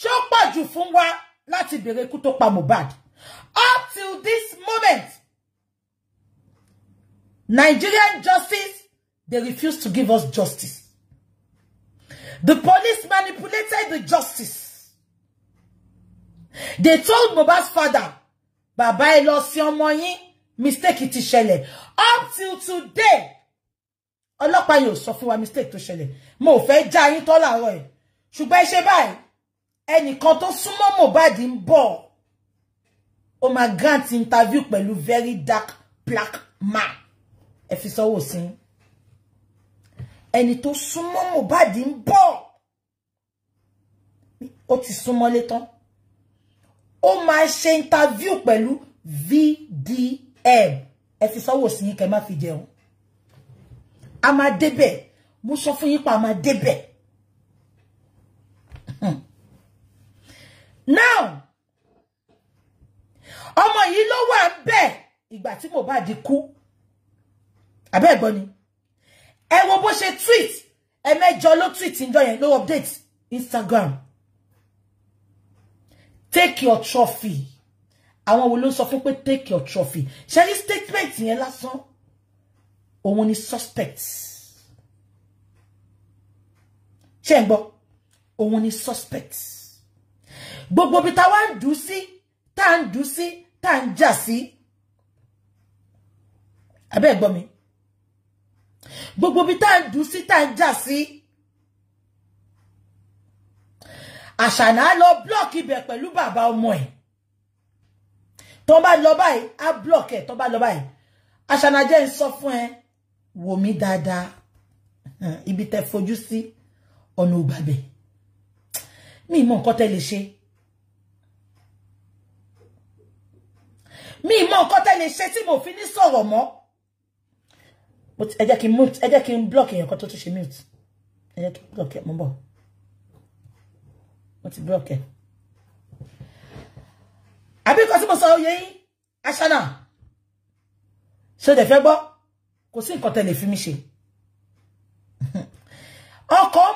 ṣé ó pàjù fún wa láti béèrè ikú tó pa Mohbad up till this moment Nigerian justice they refuse to give us justice the police manipulated the justice they told Mohbad's father bàbá ẹ lọ sí ọmọ yín mistake ti ṣẹlẹ̀ up till today ọlọ́pàá yóò sọ fún wa mistake tó ṣẹlẹ̀ mo ò fẹ́ já yín tọ́ làárọ̀ ẹ̀ ṣùgbọ́n ẹ ṣe báyìí ẹnìkan tó súnmọ́ Mohbad ń bọ̀ ó máa grant interview pẹ̀lú very dark black man ẹ fi sọ́wọ́ sí ẹni tó súnmọ́ Mohbad ń bọ̀ ó ti súnmọ́lé tán ó máa ṣe interview pẹ̀lú VDM ẹ fi sọ́wọ́ sí kẹ́ má fi jẹun a máa débẹ̀ mo sọ fún yín pa a máa débẹ̀. now ọmọ yìí ló wà bẹ́ẹ̀ ìgbà tí Mohbad kú àbẹ́ ẹ̀gbọ́n ni ẹ wo bó ṣe tweet ẹ̀mẹ́jọ ló tweet ńjọ yẹn ló update Instagram take your trophy àwọn wo ló sọ fún pé take your trophy ṣe ní statement yẹn lásán òun ni suspect ṣe ń gbọ́ òun ni suspect gbogbo bí ta wá ń dù sí tá ń dù sí tá ń jà sí abẹ́ ẹ̀ gbọ́ mi gbogbo bí tá ń dù sí tá ń jà sí àṣànà lọ blọọkì ibẹ̀ pẹ̀lú bàbá ọmọ ẹ̀ tó bá lọ báyìí á blọọkì ẹ̀ tó bá lọ báyìí àṣànà jẹ́ ń sọ fún ẹ wò mí dáadáa ibi tẹ fojú sí ọ̀nà òbàbẹ̀ mi mọ nǹkan tẹ lè ṣe mi mo nǹkan tẹ́ lè ṣe tí mo fi ní sọ̀rọ̀ mọ́ but ẹ jẹ́ kí mute ẹ jẹ́ kí block èèyàn kan tó tún ṣe mute ẹ jẹ́ kí block ẹ mo bọ̀ mo ti block ẹ àbí nǹkan tí mo sọ oyè yín aṣáná ṣe dẹ̀ fẹ́ gbọ́ kò sí nǹkan tẹ́ lè fi mí ṣe ọkọ̀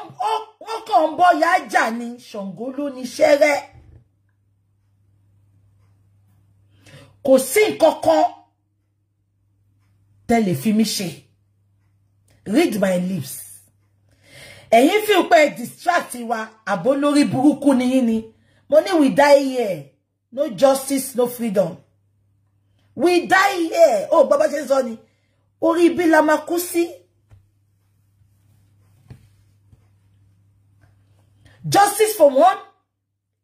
wọn kàn ń bọ̀ yá ni Ṣàngó ló ní ṣẹ́rẹ́. kò sí nǹkan kan tẹ́ fi read my lips ẹ̀yin fi pé distract wa àbó lórí burúkú ni yín ni mo ní we die here no justice no freedom we die here Oh, Baba ṣe sọ ni orí ibi la máa Justice for one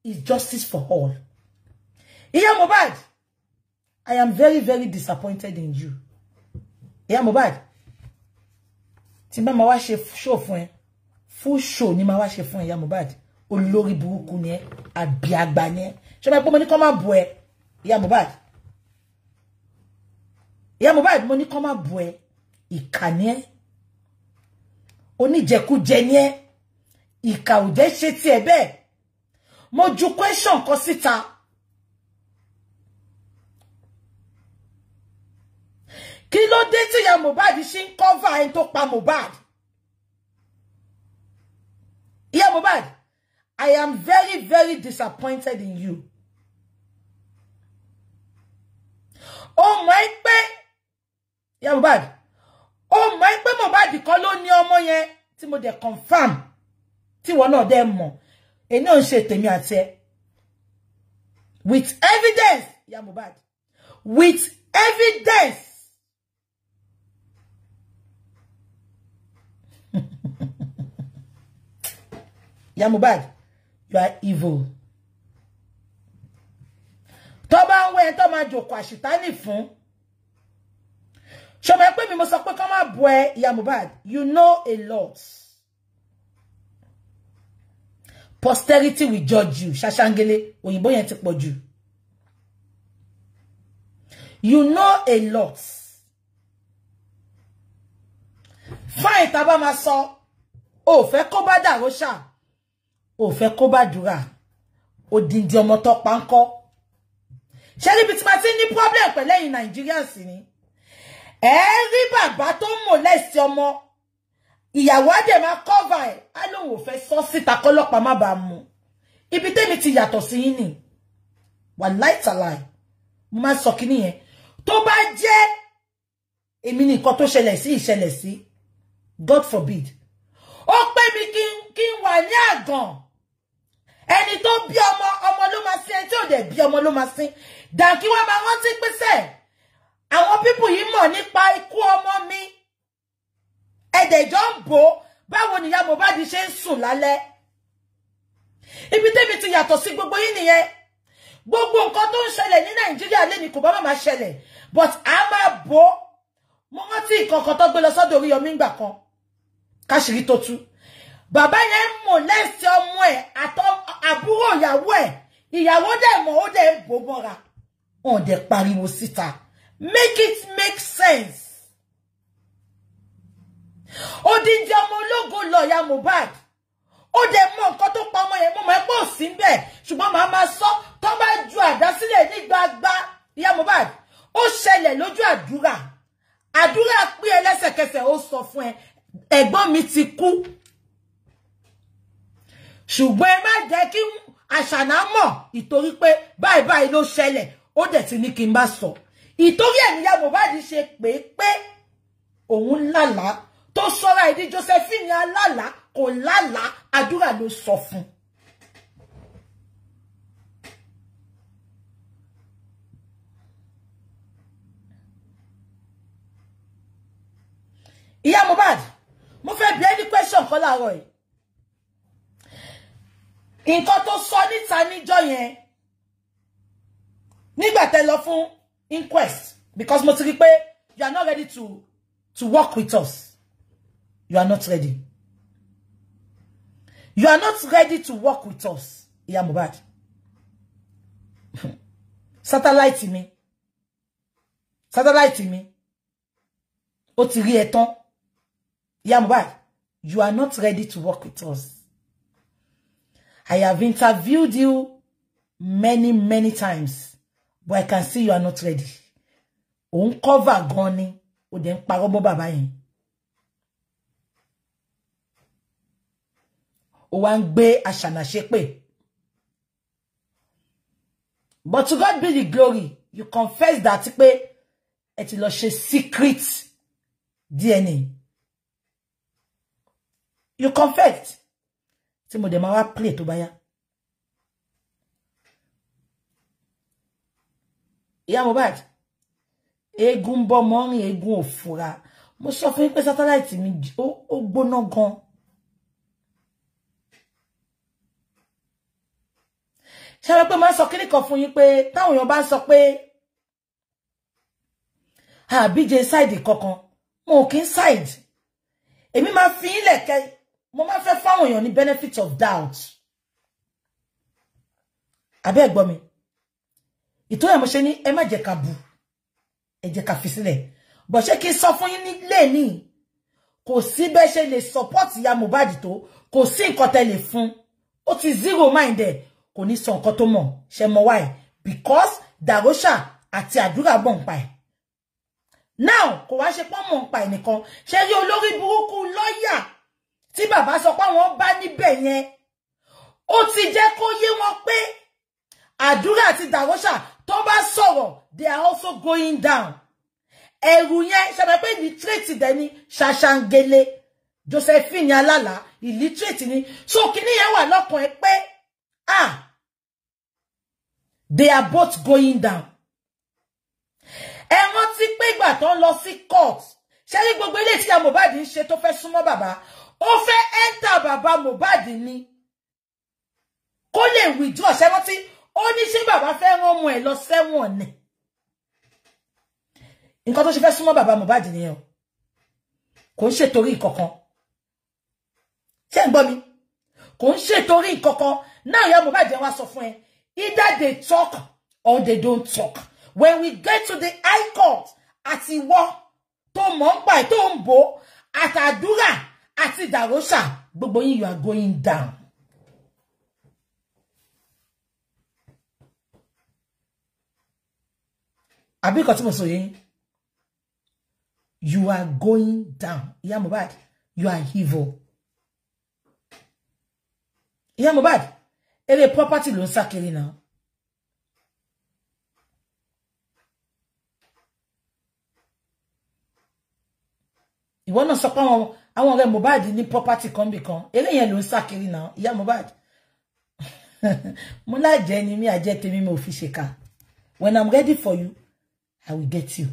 is justice for all. Iya mo bad. I am very, very disappointed in you. Yeah, my bad. n bá máa wá show fun, ẹ. Full show ni máa wá ṣe fún ẹ Ìyá Mohbad. Olórí burúkú ni ẹ́, àbí àgbà ni ẹ́. Ṣé mo pé mo ní kó má bú ẹ Ìyá Mohbad. Ìyá Mohbad mo ní kó má bú ẹ ìkà ni ẹ́. Oníjẹkújẹ ni ẹ́. Ìkà ò jẹ́ ṣe tiẹ̀ Mo ju question kan síta. kí ló dé tí ìyá Mohbad ṣe ń cover ẹni tó pa Mohbad ìyá Mohbad I am very very disappointed in you Oh my ẹ́ pé ìyá Mohbad Oh my ẹ́ pé Mohbad kan ló ní ọmọ yẹn tí mo dẹ̀ confam tí wọ́n dẹ̀ mọ̀ èmi ò ń ṣe tèmi àti ẹ with evidence ìyá Mohbad with evidence Yamubad, you are evil Toba bá ń wẹ ẹ tó máa jòkó àṣìtánì fún mi mo sọ pé kó má bọ ẹ ìyá you know a lot posterity will judge you Shashangele òyìnbó yẹn ti pọ̀ you know a lot Fine Taba a bá máa sọ ò fẹ́ kó bá dàrú ò fẹ́ kó bàdúrà odindi ọmọ tó pa ńkọ́ ṣé níbi tí ma ti ní problem pẹ̀lẹ́ yìí nàìjíríà sì ni ẹ rí bàbá tó ń molest ọmọ ìyàwó àdè máa cover ẹ̀ á lóun ò fẹ́ sọ síta kọ́lọ́pàá má bàa mú ibi tẹ́mi ti yàtọ̀ sí yín nì wà láìtàláì mo máa ń sọ kí To tó bá jẹ́ èmi ní nǹkan tó ṣẹlẹ̀ sí ìṣẹlẹ̀ God forbid ó pè mí kí n wà ní àgàn ẹni tó bí ọmọ ọmọ ló máa sin ẹni tí ò dẹ̀ bí ọmọ ló máa sin dàkí wọ́n máa rántí pẹ́sẹ̀ àwọn pípù yìí mọ̀ nípa ikú ọmọ mi ẹ̀dẹ̀jọ́ ń bò báwo nìyá Mohbad ṣe ń sùn lálẹ́ ibi tẹ́bi ti yàtọ̀ sí gbogbo yín nìyẹn gbogbo nǹkan tó ń ṣẹlẹ̀ ní Nàìjíríà lẹ́ni kò bá má máa ṣẹlẹ̀ but a máa bò mo rántí ìkọ̀ọ̀kan tó gbé lọ sọ́dọ̀ Oríyọmí ńgbà kan káṣírí tó tú bàbá yẹn molest ọmọ ẹ̀ àtọ àbúrò ìyàwó ẹ̀ ìyàwó dẹ̀ mọ̀ ó dẹ̀ bò mọ́ra wọ́n dẹ̀ pariwo síta make it make sense odindi ọmọ ológo lọ́ọ̀yà Mohbad ó dẹ̀ mọ nǹkan tó pa ọmọ yẹn mọ́ mọ́ ẹ pọ̀ sí ń bẹ̀ ṣùgbọ́n màá máa sọ tó bá ju àdá sílẹ̀ ní gbagba ìyá Mohbad ó ṣẹlẹ̀ lójú àdúrà àdúrà pé ẹ ó sọ fún ẹ ẹ̀gbọ́n mi ti kú ṣùgbọ́n ẹ má jẹ́ kí àṣànà mọ̀ ìtorí pé báyìí báyìí ló ṣẹlẹ̀ ó dẹ̀ ti ní kí n bá sọ ìtorí ẹ̀ níyà Mohbad ṣe pé pé òun lálàá tó sọ́ra ìdí Josephine alálàá kò lálàá àdúrà ló sọ fún ìyá Mohbad mo fẹ́ bi ẹ́ ní question kan láàárọ̀ yìí nǹkan tó sọ níta níjọ́ yẹn nígbà tẹ́ lọ fún inquest because mo ti rí pé you are not ready to to work with us you are not ready you are not ready to work with us ìyá Mohbad satellite mi satellite mi ó ti rí ẹ tán ìyá Mohbad you are not ready to work with us. I have interviewed you many, many times, but I can see you are not ready. Uncover ń cover gan ni, ó dẹ̀ ń parọ́ mọ́ bàbá But to God be the glory, you confess that pé ẹ ti lọ secret DNA. You confess. Si mo dẹ̀ máa wá play tó bá yá. ìyá Mohbad eégún bọ́ mọ́rin eégún òfura mo sọ fún yín pé mi ó o gan. ṣe rẹ pé máa ń sọ kíní kan fún yín pé táwọn èèyàn bá ń sọ pé àbíje ṣáìdì kankan mo kì í ṣáìdì èmi máa fi yín mo máa fẹ́ fáwọn èèyàn ní benefit of doubt àbẹ́ ẹ̀gbọ́n mi ìtòyà mo ṣe ní ẹ má jẹ́ ká bu ẹ jẹ́ ká fi sílẹ̀ bọ̀ ṣé kí n sọ fún yín nílé ní kò sí bẹ́ ṣe lè support ìyá Mohbad tó kò sí nǹkan tẹ́ lè fún ó ti zero mind ẹ̀ kò ní sọ nǹkan tó mọ̀ ṣe mọ̀ because dàróṣà àti àdúrà bọ̀ ń pa now kò wá ṣe pọ́n mọ̀ ń pa ẹ̀ nìkan ṣe rí olórí tí bàbá sọ pé àwọn bá níbẹ̀ yẹn ó ti jẹ́ kó yé wọn pé àdúrà àti dàwọ́ṣà tó bá sọ̀rọ̀ they are also going down ẹ̀rù yẹn ṣàbẹ̀ pé ìlítírèètì dẹni ṣàṣàǹgẹ̀lẹ̀ Josephine alala ìlítírèètì ni so kíní yẹn wà lọ́kàn ẹ pé ah they are both going down ẹ rántí pé ìgbà tó ń lọ sí court ṣé ní gbogbo ilé tí ìyá Mohbad ń ṣe tó fẹ́ súnmọ́ bàbá ó fẹ́ ẹ́ńtà bàbá Mohbad ni kó lè withdraw ṣẹ́rántí ó ní ṣé bàbá fẹ́ rán ọmọ ẹ̀ lọ sẹ́wọ̀n ni nǹkan tó ṣe fẹ́ súnmọ́ bàbá Mohbad nìyẹn o kò ń ṣètòrí ìkọ̀kan ṣé ń gbọ́ mi kò ń ṣètòrí ìkọ̀kan náà ìyá Mohbad wá sọ fún ẹ either they talk or they don't talk when we get to the high court àti ìwọ tó mọ̀ ń pa ẹ̀ tó àti ìdàrósà gbogbo yín you are going down. àbí nǹkan tí mo sọ yẹn you are going down ìyá Mohbad you are evil ìyá Mohbad eré property ló ń sá kiri náà. ìwọ náà sọ pé àwọn àwọn ọ̀rẹ́ Mohbad ní property kan bì kan eléyẹn ló ń sá kiri náà ìyá Mohbad mo lájẹ ni mi àjẹ tèmi mi ò fi ṣèkà when i'm ready for you i will get you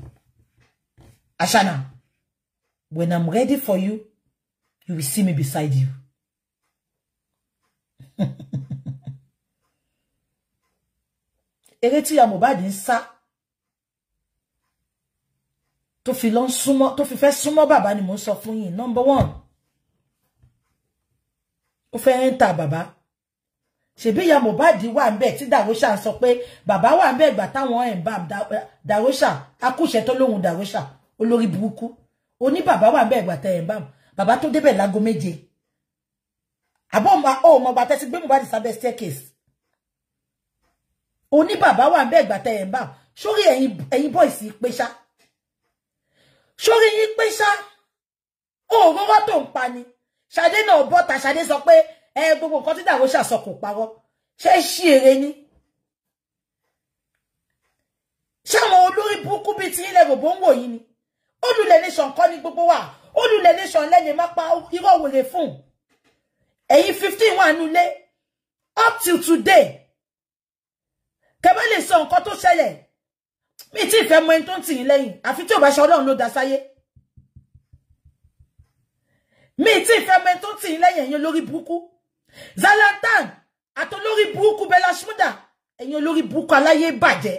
ashana when i'm ready for you you will see me beside you eré tí ìyá Mohbad ń sá tó fi lọ sumo, tó fi fẹ́ sumo, Baba ni mò ń sọ fún yín number one ó fẹ́ enter bàbá ṣèbí ìyá Mohbad wà ń bẹ tí dàróṣà sọ pé bàbá wà ń bẹ ìgbà táwọn ẹ̀ ń bá dàróṣà akúṣẹ tó lóhun dàróṣà olórí burúkú ó ní bàbá wà ń bẹ ìgbà tẹ̀ ẹ̀ ń bá bàbá tó débẹ̀ lágo méje àbọ̀ ọmọ ọmọ ọgbà tẹ́sí gbé Mohbad sábẹ́ staircase ó ní bàbá wà ń bẹ ìgbà tẹ̀ ẹ̀ ń bá sórí ẹ̀yin boys pé ṣáá sórí yín pé ṣá òòrùn wá tó ń pa ni ṣadé náà bọ́ta ṣadé sọ pé ẹ eh, gbogbo nǹkan tí dàwọ́ ṣàsọ kò parọ́ ṣé ṣí èrè ni ṣáwọn olórí burúkú bíi ti ilẹ̀ gbogbo ń wò yìí ni olùlẹ̀ nation kọ́ ni gbogbo wa olùlẹ̀ nation lẹ́yìn má pa irọ́ wèrè fún ẹ̀yin fifteen wà nulẹ̀ up till today kẹ́bẹ́ lè sọ nǹkan tó ṣẹlẹ̀ mi ti fẹ́ mọ ẹni tó ń tì yín lẹ́yìn àfi tí ò bá ṣe ọlọ́run ló dá sáyé mi ti fẹ́ mọ ẹni tó ń tì yín lẹ́yìn ẹ̀yin olórí burúkú Zlatan àtolórí burúkú Bella Shmurda ẹ̀yin olórí burúkú aláyé bàjẹ́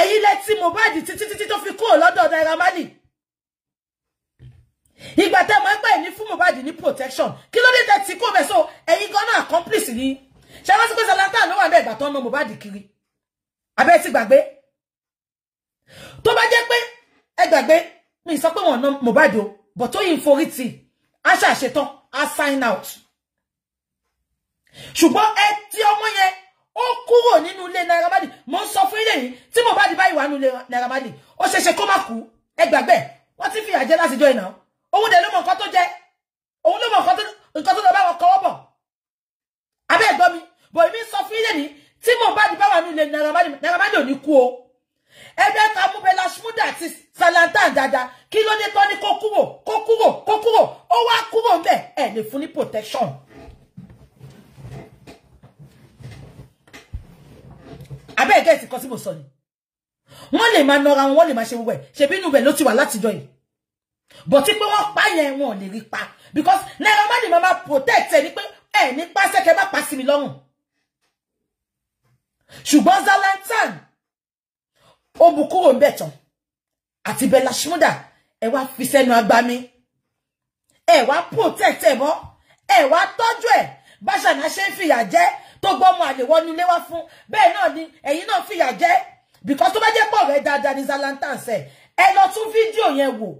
ẹ̀yin lẹ ti Mohbad títí títí tó fi kúrò lọ́dọ̀ Naira Marley ìgbà tẹ́ mọ̀ ẹgbẹ́ ìní fún Mohbad ní protection kí ló dé tẹ́ ti kó bẹ́ẹ̀ so ẹ̀yin gan-an accomplice ni ṣé wọ́n ti pé Zlatan ló wà bẹ́ẹ̀ ìgbà tó ń mọ Mohbad kiri abẹ́ ti gbàgbé tó bá jẹ́ pé ẹ gbàgbé mi sọ pé wọ́n ná Mohbad o but Tóyìn forí tì á ṣàṣetán á sign out ṣùgbọ́n ẹ tí ọmọ yẹn ó kúrò nínú ilé na Marley mo ń sọ fún ilé yìí tí Mohbad báyìí wà nínú ilé Naira Marley ó ṣeé ṣe kó má kú ẹ gbàgbé wọ́n ti fìyà jẹ láti jọ ìnà òun dẹ̀ ló mọ nǹkan tó jẹ òun ló mọ nǹkan tó nǹkan tó lọ bá wọn kọwọ́ bọ̀ abẹ́ ẹ̀gbọ́n mi bọ̀ èmi sọ fún ilé ní tí Mohbad bá wà nínú ilé Naira Marley Naira Marley ò ní kú o ẹgbẹ́ ta Valentine dáadáa kí ló dé tán ní kó kúrò kó kúrò kó kúrò ó wá kúrò ńbẹ̀ ẹ̀ lè fún ní protection. abẹ́ ẹ̀gẹ́ ìsìnkọ́ tí mo sọ ni wọ́n lè wọ́n lè máa ṣe gbogbo ẹ̀ ṣebí inú rẹ̀ ló ti wà le maa se gbogbo e sebi yìí but tí pé wọ́n pa yẹn wọn lè rí pa because Naira Marley máa máa protect ẹ ní pé ẹ ní pàṣẹ kẹ bá pa sí mi lọ́rùn ṣùgbọ́n Valentine ó bu kúrò ń bẹ̀ Ati bela Shmurda e wa fi sẹ́nu agba mi ẹ wá protect ẹ mọ́ ẹ wá tọ́jú ẹ báṣànà ṣe ń fìyà jẹ tó gbọ́ ọmọ àlè wọnú ilé wá fún bẹ́ẹ̀ náà ni ẹ̀yin náà fìyà jẹ because tó bá jẹ́ pọ̀ rẹ̀ dáadáa ní Zalantans ẹ̀ ẹ lọ tún fídíò yẹn wò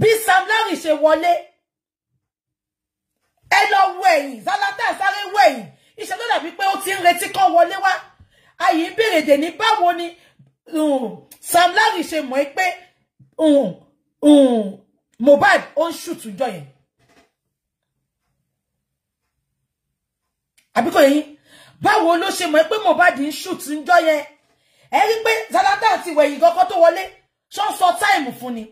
bí Sam Larry ṣe wọlé ẹ lọ wo ẹ̀yìn Zalantans sáré wo ẹ̀yìn iṣẹ́ tó dàbí pé ó ti ń retí kán wọlé wá ayé ń bèrèdè ní báwo ni Um, Sam Larry ṣe mọ̀ pé um, um, Mohbad ó ń ṣùtù jọ yẹn. Àbíkọ̀ yẹn báwo ló ṣe mọ̀ pé Mohbad ń ṣùtù jọ yẹn? Ẹ rí pé Zalata ti wẹ̀yìn kankan tó wọlé ṣọ́ ń sọ táìmù fún ni.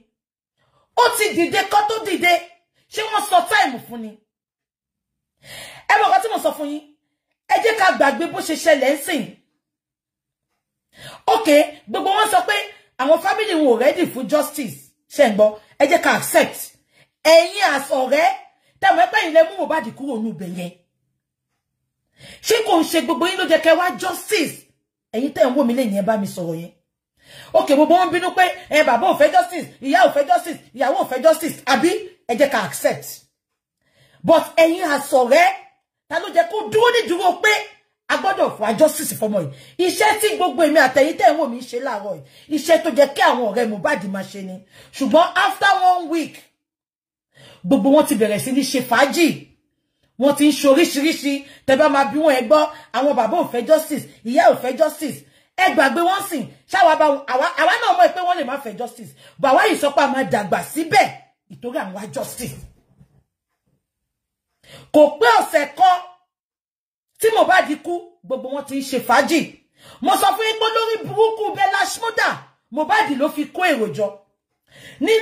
Ó ti dìde kó tó dìde ṣé wọ́n sọ táìmù fún ni. Ẹ bọ̀ kan tí mo sọ fún yín ẹ jẹ́ ká gbàgbé bó ṣe ṣẹlẹ̀ ń sìn okay gbogbo wọn sọ pé àwọn family wọn ò ready fún justice ṣe ń gbọ́ ẹ jẹ́ ká accept ẹ̀yin àsọ̀rẹ́ tẹ̀wọ́n pé ìlẹ̀ mú Mohbad kúrò ní ibẹ̀ yẹn ṣé kò ń ṣe gbogbo yín ló jẹ́ kẹ́ wá justice ẹ̀yin tẹ̀ ń wò mí lẹ́yìn ẹ bá mi sọ̀rọ̀ yẹn okay gbogbo wọn bínú pé ẹ bàbá ò justice ìyá ò fẹ́ justice ìyàwó ò fẹ́ justice àbí ẹ jẹ́ ká accept but ẹ̀yin àsọ̀rẹ́ ta ló jẹ́ kó dúró nídúró pé a gbọ́dọ̀ fún justice fọmọ yìí iṣẹ́ tí gbogbo èmi àtẹ̀yìn tẹ̀ ń wò mí ṣe láàárọ̀ yìí iṣẹ́ tó jẹ́ kí àwọn ọ̀rẹ́ Mohbad máa ṣe ni ṣùgbọ́n after one week gbogbo wọn ti bẹ̀rẹ̀ sí ní ṣe fàájì wọn ti ń ṣe oríṣiríṣi tẹ́bá máa bí wọn ẹ gbọ́ àwọn bàbá ò fẹ́ justice ìyá ò fẹ́ justice ẹ gbàgbé wọn sìn ṣáwa bá àwa náà mọ̀ pé wọ́n lè má fẹ́ justice bàwá yìí sọ pé a máa dàgbà síbẹ̀ ìtorí àwọn wá justice kò pé ọ̀sẹ̀ kan tí Mohbad kú gbogbo wọn ti ń ṣe fàájì mo sọ fún yín pé lórí burúkú Bella Shmurda Mohbad ló fi kó èrò jọ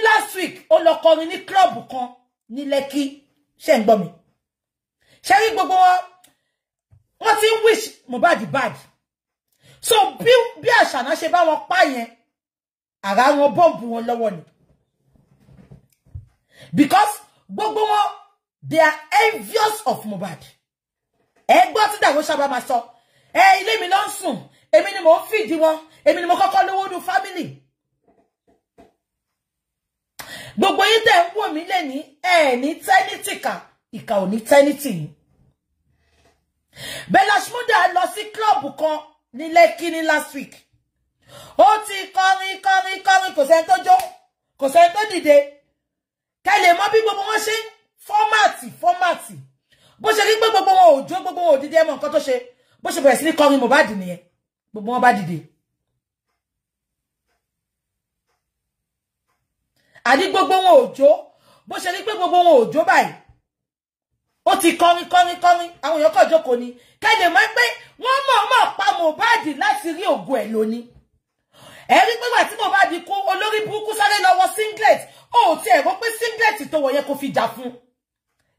last week ó lọ kọrin ní klọ́ọ̀bù kan ní Lẹ́kì ṣe ń gbọ́ mi ṣe rí gbogbo wọn wọ́n ti ń wish Mohbad bad so bi bi àṣàná ṣe bá wọn pa yẹn ara wọn bọ́ǹbù wọn lọ́wọ́ ni because gbogbo wọn they are envious of Mohbad ẹ gbọ́ tí dàgbò sábà máa sọ E, ilé mi ló ń sùn èmi ni mò ń fìdí wọn èmi ni mo kọ́kọ́ lówó nu family. gbogbo yín tẹ̀ ń wò mí E, ẹ ní tẹ́nítì kà ìkà ò ní Bella Shmurda lọ sí club, kan ní Lẹ́kí ní last week ó ti kọrin kọrin kọrin kò sẹ́ni tó jó kò sẹ́ni tó dìde kẹlẹ̀ mọ́ bí gbogbo wọn ṣe fọ́màtì fọ́màtì bó ṣe rí pé gbogbo wọn ò jó gbogbo wọn ò dìde ẹ mọ nǹkan tó ṣe bó ṣe bẹ̀rẹ̀ sí ní kọrin Mohbad nìyẹn gbogbo wọn bá dìde. àní gbogbo wọn ò jó bó ṣe rí pé gbogbo wọn ò jó báyìí ó ti kọrin kọrin kọrin àwọn èèyàn kàn jókòó ni kẹ́lẹ̀ mọ́ pé wọ́n mọ̀ọ́mọ̀ pa Mohbad láti rí ògo ẹ̀ lónìí ẹ̀rí pẹ́gbà tí Mohbad kú olórí burúkú sáré lọ́wọ́ singlet ó ti ẹ̀rọ pé singlet tó wọ̀ yẹ kó fi jà fún un.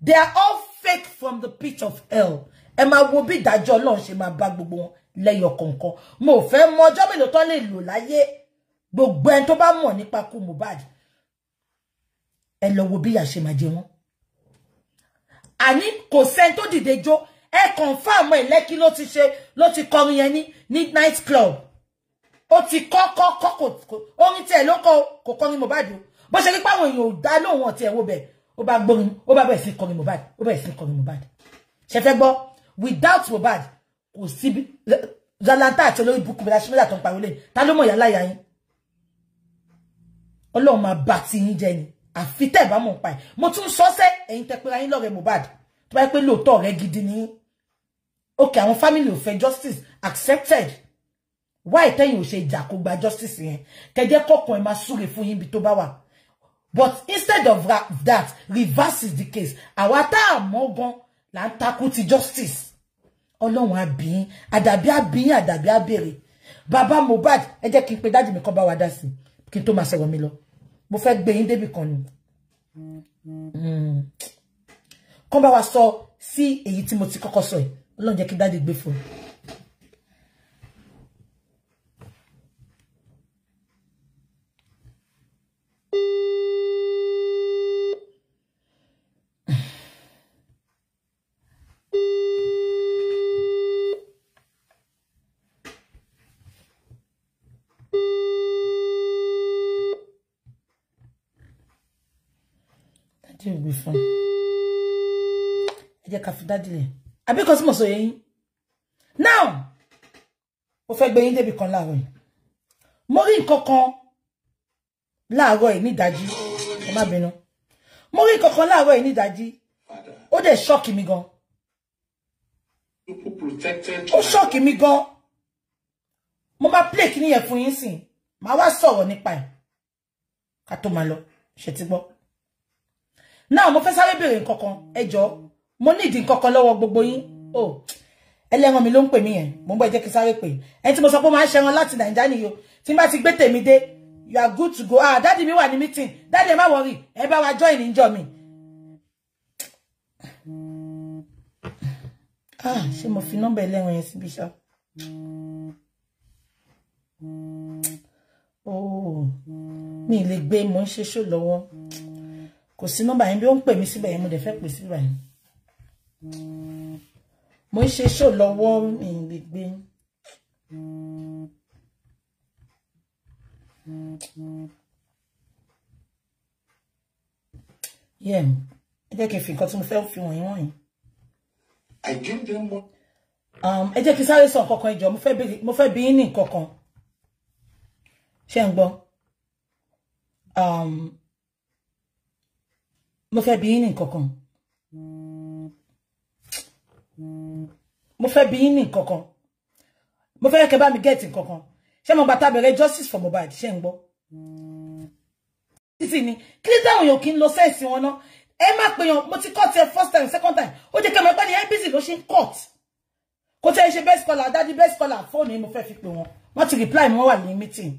They are all fake from the pit of hell. Ẹ máa wo bí ìdájọ́ Ọlọ́run ṣe máa bá gbogbo lay your kọ̀ọ̀kan. Mo fẹ́ mọ ọjọ́ mélòó tán lè lò láyé. Gbogbo ẹni tó bá mọ̀ nípa kú Mohbad. Ẹ lọ wo bí ìyà ṣe máa jẹ wọ́n. Àní kò sẹ́ni tó dìde confirm ẹ̀ lẹ́kí ló ti ṣe ló ti kọrin yẹn ní ní night club. Ó ti kọ́ kọ́ kọ́ kò orin tiẹ̀ ló kọ́ kò kọrin Mohbad o. Bó ṣe rí pé àwọn èèyàn ò dá lóhùn ọ̀tí ẹ̀ wo bẹ́ẹ̀ ó bá gbórin ó bá bẹ̀rẹ̀ sí kọrin Mohbad ó bẹ̀rẹ̀ sí kọrin Mohbad ṣe fẹ́ gbọ́ without Mohbad kò sí zalanta àti olórí bukú bẹ̀rẹ̀ aṣọ́lá tó ń pariwo lẹ́yìn ta ló mọ̀ ìyá láyà yín ọlọ́run máa bá ti yín jẹ ni Afite ba ẹ̀ pa ẹ̀ mo tún sọ sẹ́ ẹ̀yin tẹ́ pé ayín lọ́rẹ̀ Mohbad tó bá yẹ pé lóòótọ́ rẹ gidi ni okay àwọn family ò fẹ́ justice accepted why tẹ́yìn you ṣe ìjà kó gba justice yẹn kẹjẹ́ kọ̀ọ̀kan ẹ̀ máa súre fún yín bí tó bá but instead of that reverse is the case àwa tá a mọ̀ gan là ń justice ọlọ́run àbíyín àdàbí àbíyín àdàbí àbèrè bàbá Mohbad ẹ jẹ́ kí pe dájú mi kan bá wa dá sí kí n tó máa sọ̀rọ̀ mi lọ mo fẹ́ gbé yín débì kan ni hmm. kán bá wa sọ si èyí tí mo ti kọ́kọ́ sọ yìí ọlọ́run jẹ́ kí dájú gbé dádì yẹn àbí kan tí mo sọ now mo fẹ́ gbé yín débi kan láàárọ̀ yìí mo rí nǹkan kan láàárọ̀ ni nídàájí ẹ má bínú mo rí nǹkan kan láàárọ̀ yìí nídàájí ó dẹ̀ ṣọ́ọ̀kì mi gan ó ṣọ́ọ̀kì mi gan mo máa play kíní yẹn fún yín sìn màá wá sọ̀rọ̀ nípa ẹ̀ ká tó máa lọ ṣe ti gbọ́ náà mo fẹ́ sáré béèrè nǹkan kan ẹ mo ní ìdí nǹkan kan lọ́wọ́ gbogbo yín o ẹlẹ́ran mi ló ń pè mí yẹn mo ń bọ́ ẹ jẹ́ kí sáré pè ẹni tí mo sọ pé máa ń ṣẹran láti nàìjíríà nìyó tí bá ti gbé tèmi dé you are good to go ah dáàdi mi wà ní meeting dáàdi ẹ má wọrí ẹ bá wa join níjọ mi. ah ṣé mo fi nọ́mbà ẹlẹ́ran yẹn síbi ṣá. oh mi ì lè gbé mo ń ṣe ṣó lọ́wọ́ kò sí nọ́mbà yẹn bí ó ń pè mí síbẹ̀ yẹn mo dẹ̀ fẹ́ pè síbẹ̀ yẹn mo ń ṣe ṣò lọ́wọ́ mi lè gbé yẹ ẹ jẹ́ kí n fi nǹkan tí mo fẹ́ fi wọ̀nyí wọ̀nyí. Um, ẹ jẹ́ kí n sáré sọ nǹkan kan ìjọ mo fẹ́ bí ní nǹkan ṣé ń gbọ́ um, mo fẹ́ bí ní nǹkan kan. mo fẹ́ bi yín ní mo fẹ́ kẹ́ bá mi get nǹkan kan ṣé mo bàtà bẹ̀rẹ̀ justice for mobile. ṣé ngbo. gbọ́ mm. títí ni kí ló dáhùn yòókì ń lọ sẹ́ẹ̀sì wọn náà ẹ má pe yan mo ti cut ẹ first time second time ó jẹ́ kí ọmọ ẹgbẹ́ ni abc ló ṣe ń cut kò tẹ́ best caller Daddy best caller Phone yìí mo fẹ́ fi pè wọ́n wọ́n ti reply mo wa ní meeting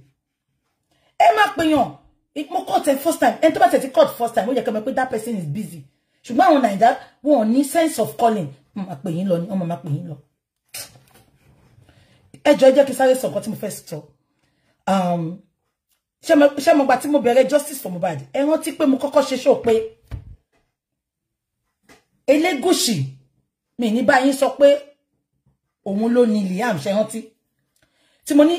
E má pe yan mo cut ẹ first time ẹni tó bá tẹ̀ ti cut first time ó jẹ́ kí ọmọ ẹgbẹ́ that person is busy ṣùgbọ́n àwọn naija wọn ò sense of calling wọn máa pè yín lọ ni wọn máa pè yín lọ ẹjọ ẹ jẹ́ kí sáré sọ nǹkan tí mo fẹ́ sọ um, ṣé mo gbà tí mo bẹ̀rẹ̀ justice for Mohbad ẹ rántí pé mo kọ́kọ́ ṣe ṣó pé Elégùṣì mi ní báyìí sọ pé òun ló ní Liam ṣe rántí tí mo ní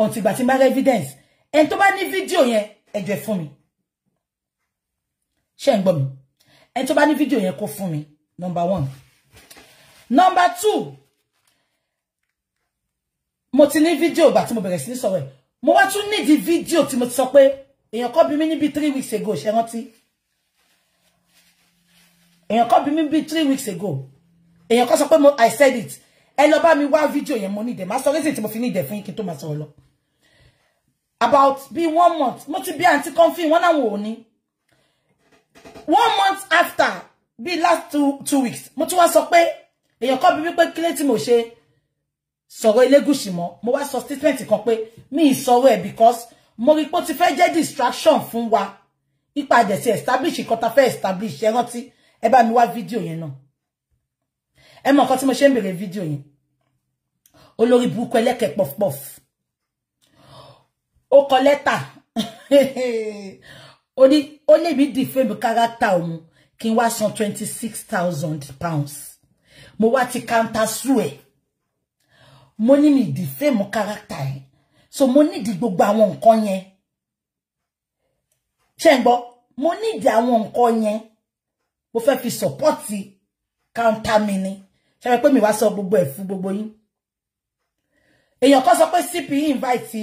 ọ̀ǹtì ìgbà tí n bá rẹ evidence ẹni tó bá ní fídíò yẹn ẹjọ ẹ fún mi ṣé ń gbọ́ mi ẹni tó bá ní fídíò yẹn kó fún mi number one number two mo ti ní fídíò ìgbà tí mo bẹ̀rẹ̀ sí ní sọ̀rọ̀ ẹ̀ mo wá ni di video tí mo ti sọ pé èèyàn kọ́ bí mi níbi three weeks ago ṣe rántí èèyàn kọ́ bí mi bi three weeks ago èèyàn kọ́ sọ pé mo i said it ẹ lọ bá mi wa video yẹn mo nídẹ̀ máa sọ reason tí mo fi nídẹ̀ fún yín kí n tó máa sọ̀rọ̀ about be one month mo ti bí àǹtí confin wọn náà wò one month after be last two two weeks mo tún wá sọ pé èèyàn kọ́ bí wípé kílé tí mo ṣe sọ̀rọ̀ Elégùṣì mọ́ mo wá sọ statement kan pé mi ì sọ̀rọ̀ ẹ̀ because mo rí pé ó ti fẹ́ jẹ́ distraction fún wa ipa àdẹ̀sí establish nǹkan ta fẹ́ establish ẹ rántí ẹ bá mi wá fídíò yẹn náà ẹ mọ nǹkan tí mo ṣe ń bèrè fídíò yẹn olórí burúkú ẹlẹ́kẹ̀ pọ̀fpọ̀f ó kọ lẹ́tà ó ní ó lè mí defame character òun kí n wá san twenty six thousand pounds mo wá ti counter sue ẹ̀ mo ní mi defame character ẹ̀ so mo nídìí gbogbo àwọn nǹkan yẹn ṣé ń gbọ́ mo nídìí àwọn nǹkan yẹn mo fẹ́ fi support counter mi ni ṣe pé mi wá so gbogbo ẹ̀ fún gbogbo yín èèyàn kan sọ pé CP invite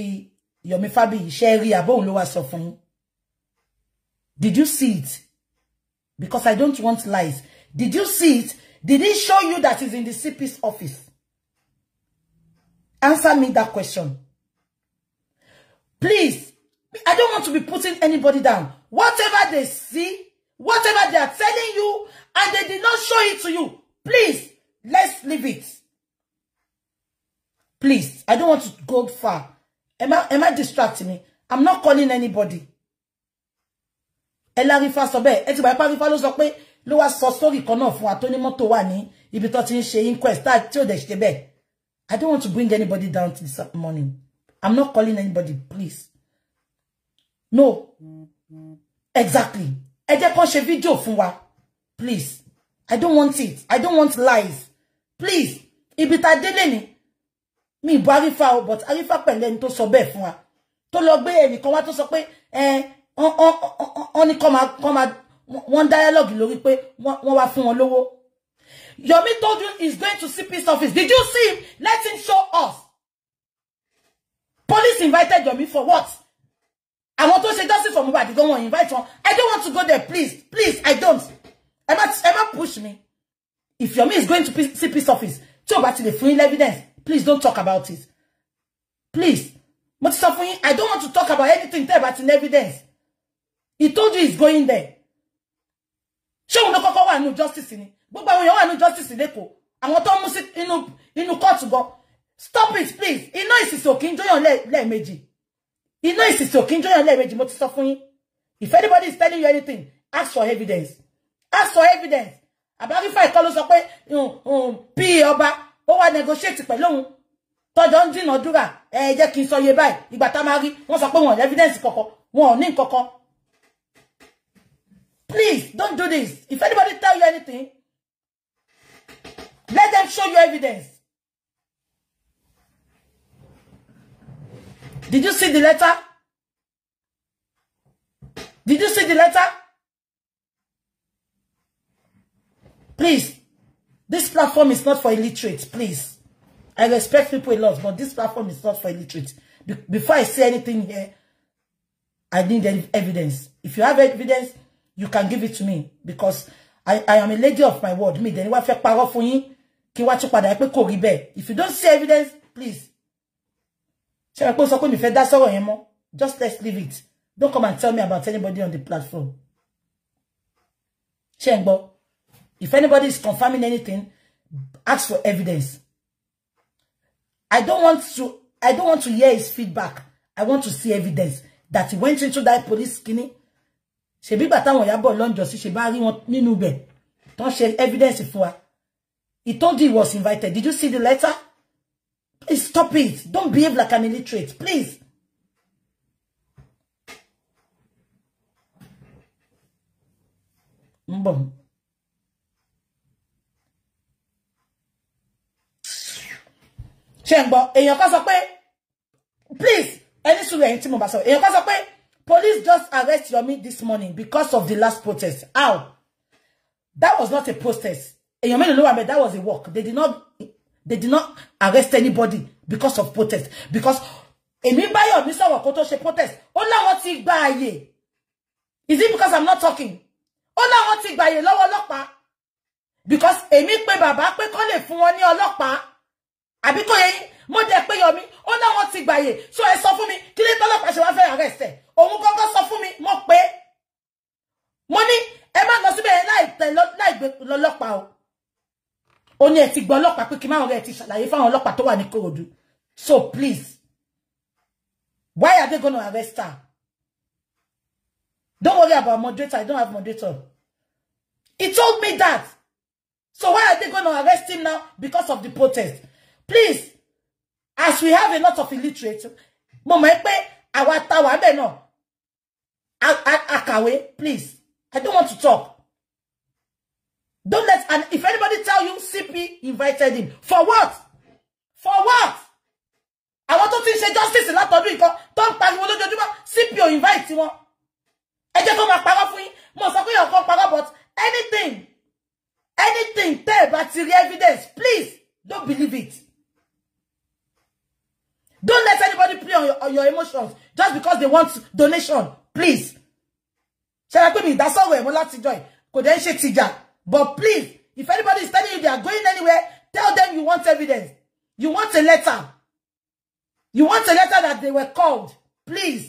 Yomi Fabiyi ṣe rí àbóhùn ló wá sọ fún did you see it because I don't want lies did you see it Did he show you that he's in the CP's office? Answer me that question. Please, I don't want to be putting anybody down. Whatever they see, whatever they are telling you, and they did not show it to you, please, let's leave it. Please, I don't want to go far. Am I, am I distracting me? I'm not calling anybody. Ella Rifa sọ bẹ́ẹ̀, Rifa ló ló wá sọ story kan fún mọ́tò wà ní ibi tó ṣe inquest tí ò dẹ̀ ṣe I don't want to bring anybody down to this morning I'm not calling anybody please no exactly ẹ jẹ́ kán ṣe video fún wa please I don't want it I don't want lies please ibi tá délé ni mi ìbò arífà o but arífà pẹ̀lú ẹni tó sọ bẹ́ẹ̀ fún wa tó lọ gbé ẹnìkan wá tó sọ pé ẹ ọ koma. kọ́ máa One dialogue lórí pé wọ́n wá fún wọn lówó Yomi told you he's going to CP's office did you see him let him show us police invited Yomi for what I want àwọn tó ṣe justice for Mohbad gan wọ́n invite wọn I don't want to go there please please I don't ẹ má push me if Yomi is going to CP's office talk about the ti evidence please don't talk about it please mo ti I don't want to talk about anything tẹ́ ẹ bá evidence he told you he's going there ṣé òun ló kọ́kọ́ wà nínú justice ni gbogbo àwọn èèyàn wà nínú justice lẹ́kọ̀ọ́ àwọn tó ń mú sí inú inú kóòtù gan stop it please iná ìsìsì òkín jóyàn lẹ́ẹ̀mejì iná ìsìsì òkín jóyàn lẹ́ẹ̀mejì mo ti sọ fún yín if anybody is telling you anything ask for evidence ask for evidence àbárífà ìkọ́ ló sọ pé bí ọba ó wá negotiate pẹ̀lú òun tọ́jọ́ ń dínàdúrà ẹ jẹ́ kí n sọ iye báyìí ìgbà tá a máa rí wọ́n sọ pé wọ́n evidence kọ̀kọ́ wọ́n ò ní nǹkan kan Please, don't do this. If anybody tell you anything, let them show you evidence. Did you see the letter? Did you see the letter? Please, this platform is not for illiterate, please. I respect people a lot, but this platform is not for illiterate. Be before I say anything here, I need evidence. If you have evidence, you can give it to me because I, I am a lady of my word. Me, then you wá fẹ́ parọ́ fún yín kí wá tún padà pé kò rí bẹ́ẹ̀. If you don't see evidence, please. Ṣé pé ó sọ pé mi fẹ́ Just let's leave it. Don't come and tell me about anybody on the platform. Ṣé If anybody is confirming anything, ask for evidence. I don't want to I don't want to hear his feedback. I want to see evidence that he went into that police skinny ṣebí gbà táwọn Ìyábọ̀ lọ́njọ́ sí ṣe bá rí wọn nínú bẹ̀ tán ṣe evidence fún wa Itondi was invited did you see the letter please stop it don't behave like an illiterate please. mbọ̀ ṣe ń gbọ́ èèyàn kan sọ pé please ẹni sùúrù ẹ̀yìn tí mo bá sọ èèyàn kan sọ pé. Police just arrest Yomi this morning because of the last protest. How? That was not a protest. Yomi Luluwambe, that was a walk. They did not they did not arrest anybody because of protest. Because Èmi báyọ̀ mi sọ̀rọ̀ kó tó ṣe protest. Ola what ti gba Is it because I'm not talking? Ó láwọn ti gba àyè lọ́wọ́ ọlọ́pàá. Because èmi pé bàbá pé kó lè fún wọn ní ọlọ́pàá. Àbí kò yé mo dẹ̀ pé Yomi, ó láwọn ti gba So ẹ sọ fún mi, kí ló tọ́lọ́pàá ṣe wá fẹ́ arrest ẹ̀? òun kọ́kọ́ sọ fún mi mo pé mo ní ẹ má lọ síbẹ̀ láì gbé lọ́lọ́pàá o ó ní ẹ ti gbọ́ ọlọ́pàá pé kí máwọn ọ̀rẹ́ ti ṣàlàyé fáwọn ọlọ́pàá tó wà ní Kòròdú so please why are they going to arrest her don't worry about moderator I don't have moderator he told me that so why are they going to arrest him now because of the protest please as we have a lot of illiterates mo mọ̀ pé àwa táwa bẹ́ẹ̀ náà Akawe, please. I don't want to talk. Don't let, and if anybody tell you, CP invited him. For what? For what? Àwọn tó ti ń ṣe justice látọdún ìkan tó ń pariwo judgment. CP ò invite wọn. Ẹ jẹ́ kó máa parọ́ fún yín. Mo sọ pé ọ̀kan power, but anything anything tẹ́ ẹ̀ evidence please don't believe it. Don't let anybody play on your, on your emotions just because they want donation please ṣẹlẹ pé mi ìdásọ̀rọ̀ ẹ̀ mọ́ látijọ́ ẹ̀ kò dẹ́ ń ṣe tìjà but please if anybody is telling you they are going anywhere tell them you want evidence you want a letter you want a letter that they were called please.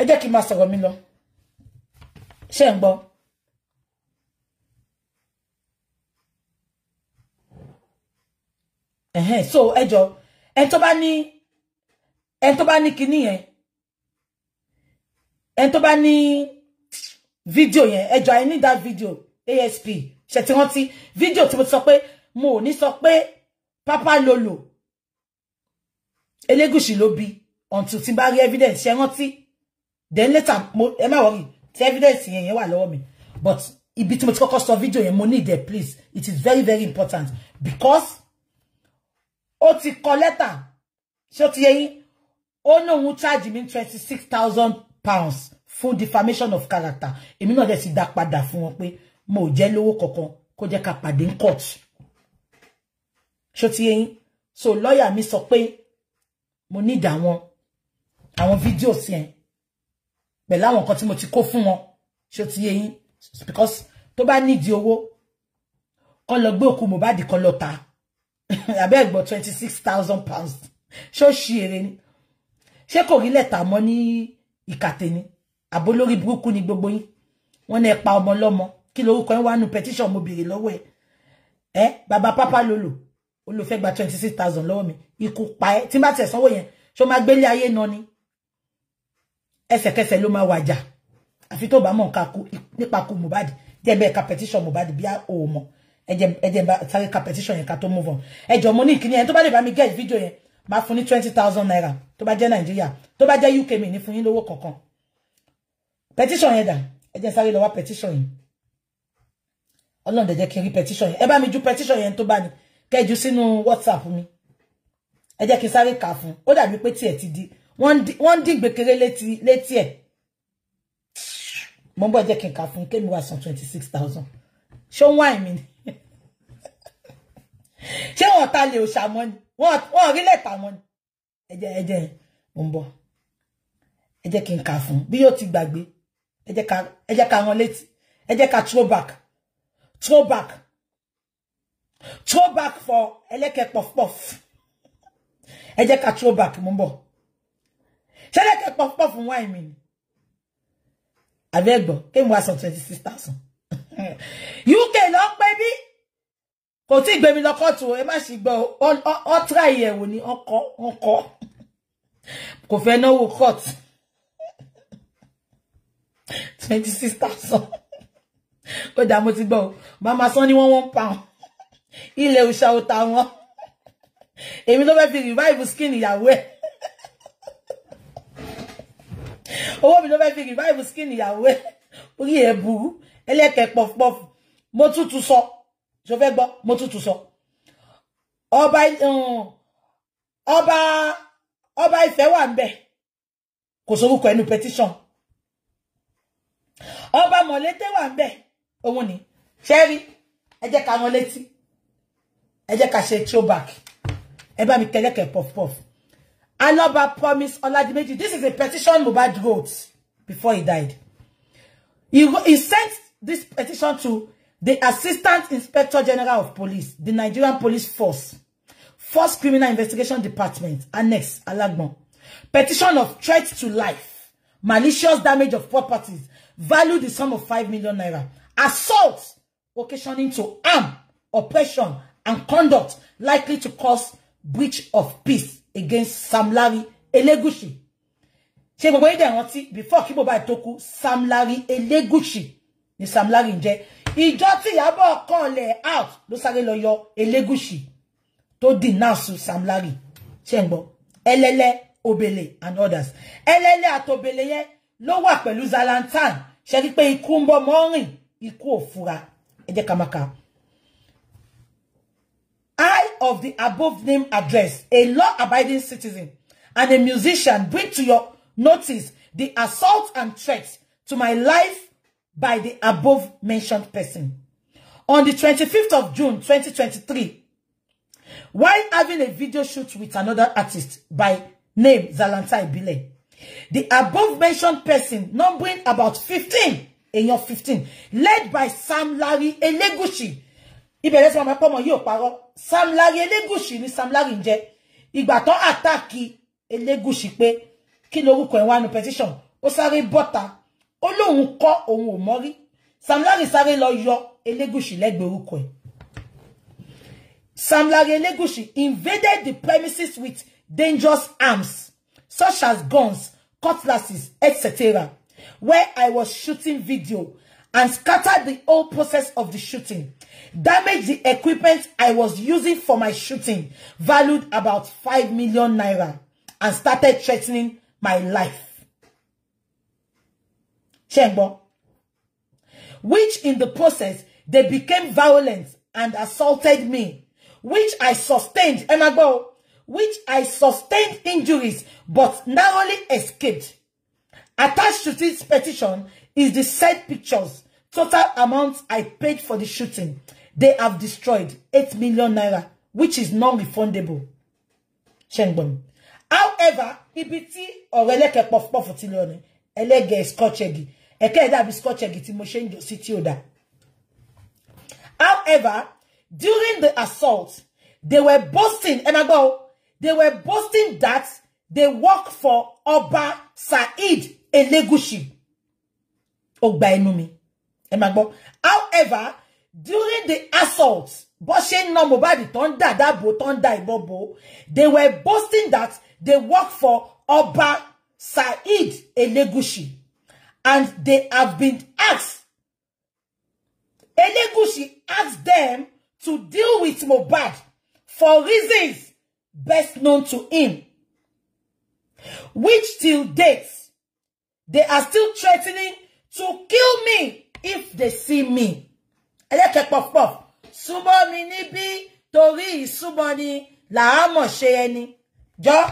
ẹ jẹ́ kí n máa sọ̀rọ̀ mi lọ ṣé ń gbọ́. so ẹ jọ ẹni tó bá ní ẹni tó bá ní kinní yẹn ẹni tó bá ní fídíò yẹn ẹjọ I need that video ASP ṣe ti rántí fídíò tí mo sọ pé mo ò ní sọ pé pápá lolo Elégùṣì ló bí until tí n bá rí evidence ṣe rántí then later mo ẹ má wọrí tí evidence yẹn yẹn wà lọ́wọ́ mi but ibi tí mo ti kọ́kọ́ sọ fídíò yẹn mo need it please it is very very important because ó ti kọ lẹ́tà ṣé ó ti yẹ yín ó ní òun charge mi twenty six thousand pounds fún defamation of character èmi náà dẹ̀ sì dá padà fún wọn pé mo ò jẹ́ lówó kankan kó jẹ́ ká pàdé ń court ṣé ó ti yẹ yín so lọ́ọ̀yà mi sọ pé mo ní ìdá wọn àwọn fídíò sí ẹ pẹ̀lú àwọn nǹkan tí mo ti kó fún wọn ṣé ó ti yẹ yín because tó bá nídìí owó kọ́ lọ gbé òkú Mohbad kọ́ lọ ta àbẹ́ ẹ̀gbọ́n twenty six thousand pounds ṣé ó ṣí eré ni ṣé kò rí lẹ́tà mọ́ ní ìkàtẹ́ ni àbó lórí burúkú ni gbogbo yín wọ́n ní pa ọmọ lọ́mọ kí lorúkọ ẹ wá nu petition mo béèrè lọ́wọ́ ẹ ẹ bàbá pápá lolo ó lọ fẹ́ gba twenty six thousand lọ́wọ́ mi ikú pa ẹ tí n bá tẹ̀ sanwó yẹn ṣó máa gbélé ayé náà ni ẹsẹ̀kẹsẹ̀ ló máa wàjà àfi tó bá mọ̀ nǹkan nípa ku Mohbad jẹ́ bẹ́ẹ̀ ka petition Mohbad bí a ò mọ̀ ẹjẹ ẹjẹ bá sáré ka petition yẹn ká tó move on ẹjọ mo ní ìkíní ẹni tó bá lè bá mi get video yẹn máa fún ní twenty thousand naira tó bá jẹ́ nàìjíríà tó bá jẹ́ uk mi ní fún yín lówó kankan petition yẹn dà ẹjẹ sáré lọ wá petition yẹn ọlọ́run dẹ̀ jẹ́ kí n rí petition yẹn ẹ bá mi ju petition yẹn tó bá ní kẹjú sínú whatsapp mi ẹ jẹ́ kí n sáré kà fún ó dàbí pé tiẹ̀ ti di wọ́n ń dín gbèkéré létí ẹ̀ mo ń bọ̀ jẹ́ kí n kà fún kémi wá san twenty six thousand ṣé ó ń ṣé wọn ta lè òṣàmọ ni wọn rí lẹ́tà wọn ni ẹ jẹ́ ẹ jẹ́ mo ń bọ̀ ẹ jẹ́ kí n kà fún bí yóò ti gbàgbé ẹ jẹ́ ká wọn létí Throw back. Throw back throwback throwback for ẹlẹ́kẹ̀ pọ̀fpọ̀f ẹ jẹ́ throw back, mo ń bọ̀ ṣé ẹlẹ́kẹ̀ pọ̀fpọ̀f ń wá ìmì ni àbẹ́gbọ̀ kéwọn wá sọ twenty six thousand UK lọ pẹ́ bí kò tí gbé mi lọ kọ́ọ̀tù ẹ má sì gbọ́ ọ tíra ìyẹ̀wò ni ọkọ ọkọ kò fẹ́ náwó court twenty six thousand ó dà mo ti gbọ́ màmá sán ní wọ́n one pound ilẹ̀ òòṣà òta wọn èmi ló fẹ́ fi revive skin ìyàwó ẹ̀ owó mi ló fẹ́ fi revive skin ìyàwó ẹ̀ orí ẹ̀ burú ẹlẹ́kẹ̀ẹ́ pọ̀fupọ̀fù mo tútù sọ. So ṣó fẹ́ gbọ́ mo tútù sọ ọba um, ọba ọba Ifẹ̀ wà ń bẹ̀ kò sórúkọ ẹnu petition ọba mọ̀lété wà ń bẹ̀ òun ni ṣẹ́rí ẹ jẹ́ ká wọn létí ẹ jẹ́ ká ṣe throwback ẹ bá mi kẹlẹ́kẹ̀ pọ̀fupọ̀f alọba promise ọládiméjì this is a petition Mohbad wrote before he died he, he sent this petition to The Assistant Inspector General of Police, the Nigerian Police Force, First Criminal Investigation Department, Annex, Alagmo, Petition of threat to life, malicious damage of properties, value the sum of 5 million naira. Assault, occasioning to Arm, oppression, and conduct likely to cause breach of peace against Samlari Elegushi. before kí bàbá ìtókù Elegushi ni Sam Larry ń jẹ́ ìjọ tí Ìyábọ̀ kànlẹ̀ out ló sáré lọ yọ Elégùṣì tó denounce Sam Larry ṣe ń gbọ́ obele and others ẹlẹ́lẹ́ àtòbele yẹn ló wà pẹ̀lú Zalantan ṣe rí pé ikú ń bọ́ mọ́rìn ikú òfura ẹ jẹ́ I of the above name address, a law-abiding citizen and a musician, bring to your notice the assault and threats to my life by the above mentioned person. On the 25th of June 2023, while having a video shoot with another artist by name Zalantai Bile, the above mentioned person, numbering about 15, èèyàn 15, led by Sam Larry Elegushi. Ibẹ̀rẹ̀ sí ọmọ ẹ̀pọ̀ Sam Larry Elegushi ni Sam Larry ń jẹ́. Ìgbà tán àtàkì Elegushi pé kí lorúkọ ẹ̀ wá nu petition. Ó sáré ó lóun kọ́ òun ò mọ́rí Sam sáré lọ yọ Elégùṣì lẹ́gbẹ̀ẹ́ orúkọ ẹ̀ Sam Larry invaded the premises with dangerous arms such as guns cutlasses etc where I was shooting video and scattered the whole process of the shooting. Damaged the equipment I was using for my shooting, valued about five million naira, and started threatening my life ṣe which in the process they became violent and assaulted me which I sustained ẹ máa which I sustained injuries but narrowly escaped attached to this petition is the said pictures total amount I paid for the shooting they have destroyed 8 million naira which is non-refundable ṣe however ibi tí ọ̀rọ̀ ẹlẹ́kẹ̀ẹ́ pọ̀fupọ̀fù elege lọ ẹ̀kẹ́ dàbí scotch egg tí jò sí tí however during the assault they were boasting ẹ máa gbọ́ they were boasting that they work for Ọba Said Elegushi ó gba ẹnu mi ẹ however during the assault bó ṣe ń na Mohbad tó ń dà dáàbò tó ń da daabo to da ibobo. they were boasting that they work for Ọba Saheed Elegushi and they have been asked. Elegushi asked them to deal with Mobad for reasons best known to him. Which till date, they are still threatening to kill me if they see me. Eleke pop pop. Súnmọ́ mi bi torí ìsúnmọ́ ni làámọ̀ ṣe ẹni. Jọ́.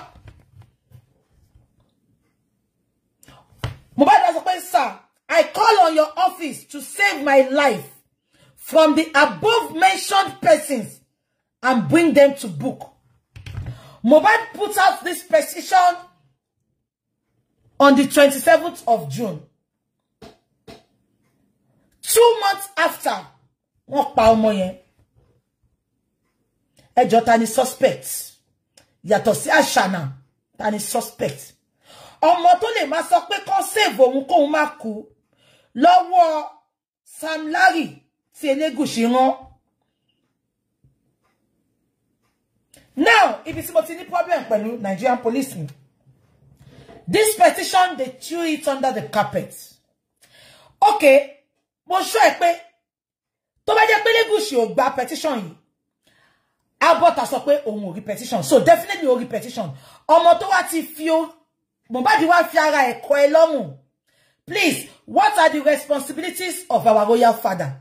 Mobile sọ pé sir I call on your office to save my life from the above mentioned persons and bring them to book. Mobile put out this petition on the 27th of June. Two months after, wọ́n pa ọmọ yẹn. Ẹjọ́ ta ni suspect. Yàtọ̀ sí Ashana, ta suspect ọmọ tó lè máa sọ pé kán sèvò òun kóun má kú lọ́wọ́ Sam Larry tí Elégùṣì rán now ibi tí mo ti ní problem pẹ̀lú Nigerian police mi this petition they threw it under the carpet okay mo sọ ẹ pé tó bá jẹ́ pé Elégùṣì ò gba petition yìí Abọ́ta sọ pé òun ò rí petition so definitely ò rí petition ọmọ tó wá ti fi Mohbad wa fiara ara ẹ̀ kọ Please, what are the responsibilities of our royal father?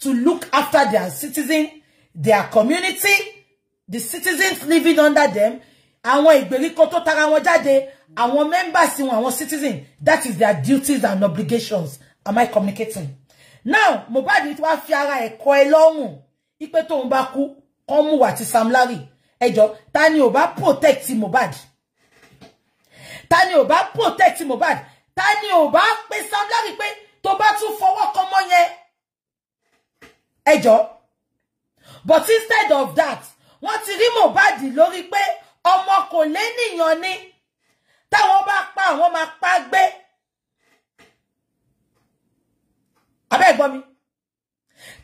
To look after their citizen, their community, the citizens living under them, àwọn ìgbèríko tó tara wọn jáde, àwọn members wọn, àwọn citizen. That is their duties and obligations. Am I communicating? Now, Mohbad wa fiara ara ẹ̀ kọ ẹ lọ́rùn. Ipe tóun bá kú, kọ́n mú wá ti Sam protect Mohbad? ta ni ò bá protect Mohbad ta ni ò bá pe Sam Larry pé tó bá tún fọwọ́ kan mọ́ yẹn ẹ but instead of that wọ́n ti rí Mohbad lórí pé ọmọ kò lé nìyàn ni táwọn bá pa àwọn máa pa gbé abẹ́ gbọ́ mi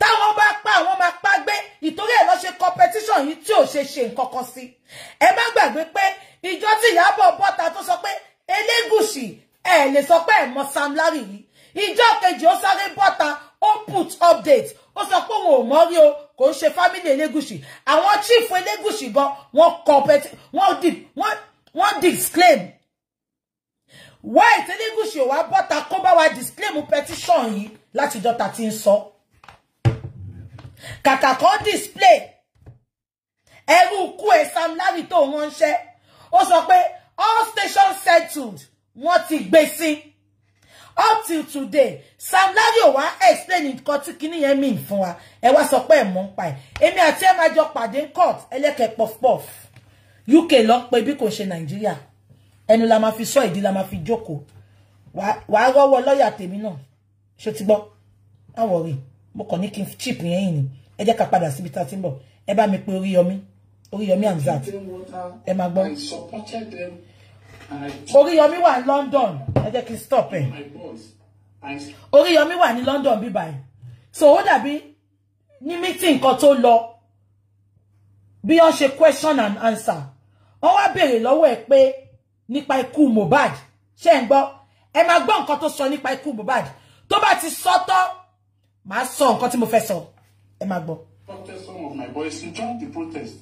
táwọn bá pa àwọn máa pa gbé ìtorí ẹ̀ lọ́ ṣe competition yìí tí ò ṣe ṣe nǹkan kan sí ẹ má gbàgbé pé ìjọ tí Ìyábọ̀ bọ́ta tó sọ pé Elégùṣì ẹ̀ lè sọ pé ẹ̀ mọ Sam Larry yìí ìjọ kejì ó sáré bọ́ta ó put update ó sọ pé òun ò mọ̀ rí o kò ń ṣe family Elégùṣì àwọn chief Elégùṣì gan wọ́n compete wọ́n di wọ́n wọ́n disclaim white Elégùṣì ò wá bọ́ta kó bá wa disclaim petition yìí látijọ́ ta ti ń sọ kàkà kan display ẹrú kú ẹ Sam Larry tó ránṣẹ́ ó sọ pé all stations settled wọ́n ti gbé sí up till today Sam Larry ò wá explain nǹkan tí kinní yẹn mean fún wa ẹ wá sọ pé ẹ mọ̀ ń pa ẹ̀ èmi àti ẹ máa jọ pàdé court ẹlẹ́kẹ̀ puff-puff UK lọ pé bí kò ṣe Nàìjíríà ẹnu la máa fi sọ ìdí la máa fi jókòó wàá rọ́wọ́ lọ́ọ̀yà tèmi náà ṣe ti gbọ́ àwọn rí mo kàn ní kí n chip yẹn yìí ni ẹ jẹ́ ká padà síbi tá a ti ń bọ̀ ẹ bá mi pe orí yọmí Oríyọmí Hamzat ẹ máa gbọ́ Oríyọmí wà ní London ẹ jẹ́ kí n stop ẹ̀ Oríyọmí wà ní London bí báyìí so ó dàbí ní meeting kan tó lọ bí wọ́n ṣe question and answer wọ́n wá béèrè lọ́wọ́ ẹ̀ pé nípa ikú Mohbad ṣé ń gbọ́ ẹ máa gbọ́ nǹkan tó sọ nípa ikú Mohbad tó bá ti sọ́tọ́ màá sọ nǹkan tí mo fẹ́ sọ ẹ máa gbọ́. Protest some of my boys to join the protest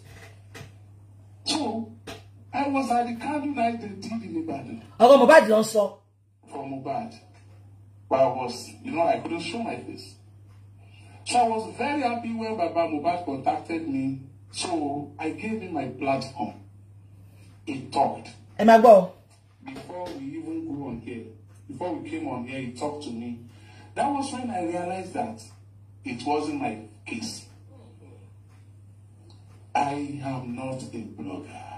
so I was at the candle night they did in Ibadan. Ọ̀rọ̀ Mohbad ló ń sọ. From Mohbad. But I was, you know, I couldn't show my face. So I was very happy when Baba Mohbad contacted me. So I gave him my platform. He talked. Ẹ máa gbọ́. Before we even go on here, before we came on here, he talked to me. That was when I realized that it wasn't my case. I am not a blogger.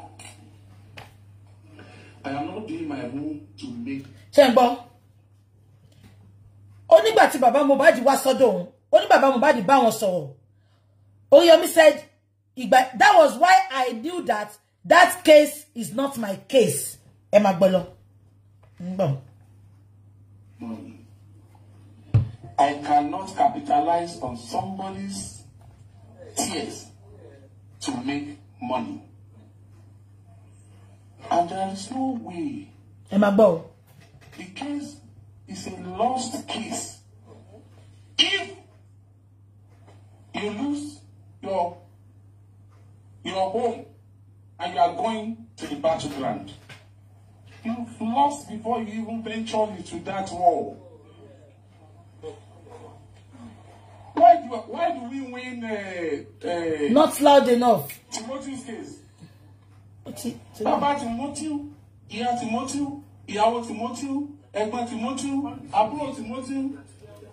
I am not doing my own to make. Ṣé Only gbọ́? Ó nígbà was bàbá Mohbad wá sọ́dọ̀ òun, ó ní bàbá Mohbad said, that was why I knew that that case is not my case. Emma Bolo. gbọ́ I cannot capitalize on somebody's tears to make money. And there is no way. Ẹ máa gbọ́ o. The case is a lost case. If you lose your your home and you are going to the battleground, you've lost before you even venture into that war. Why do why do we win? Uh, uh, Not loud enough. Timothy's case. Bàbá Timothy, ìyá Timothy, ìyàwó Timothy, ẹ̀gbọ́n Timothy, àbúrò Timothy,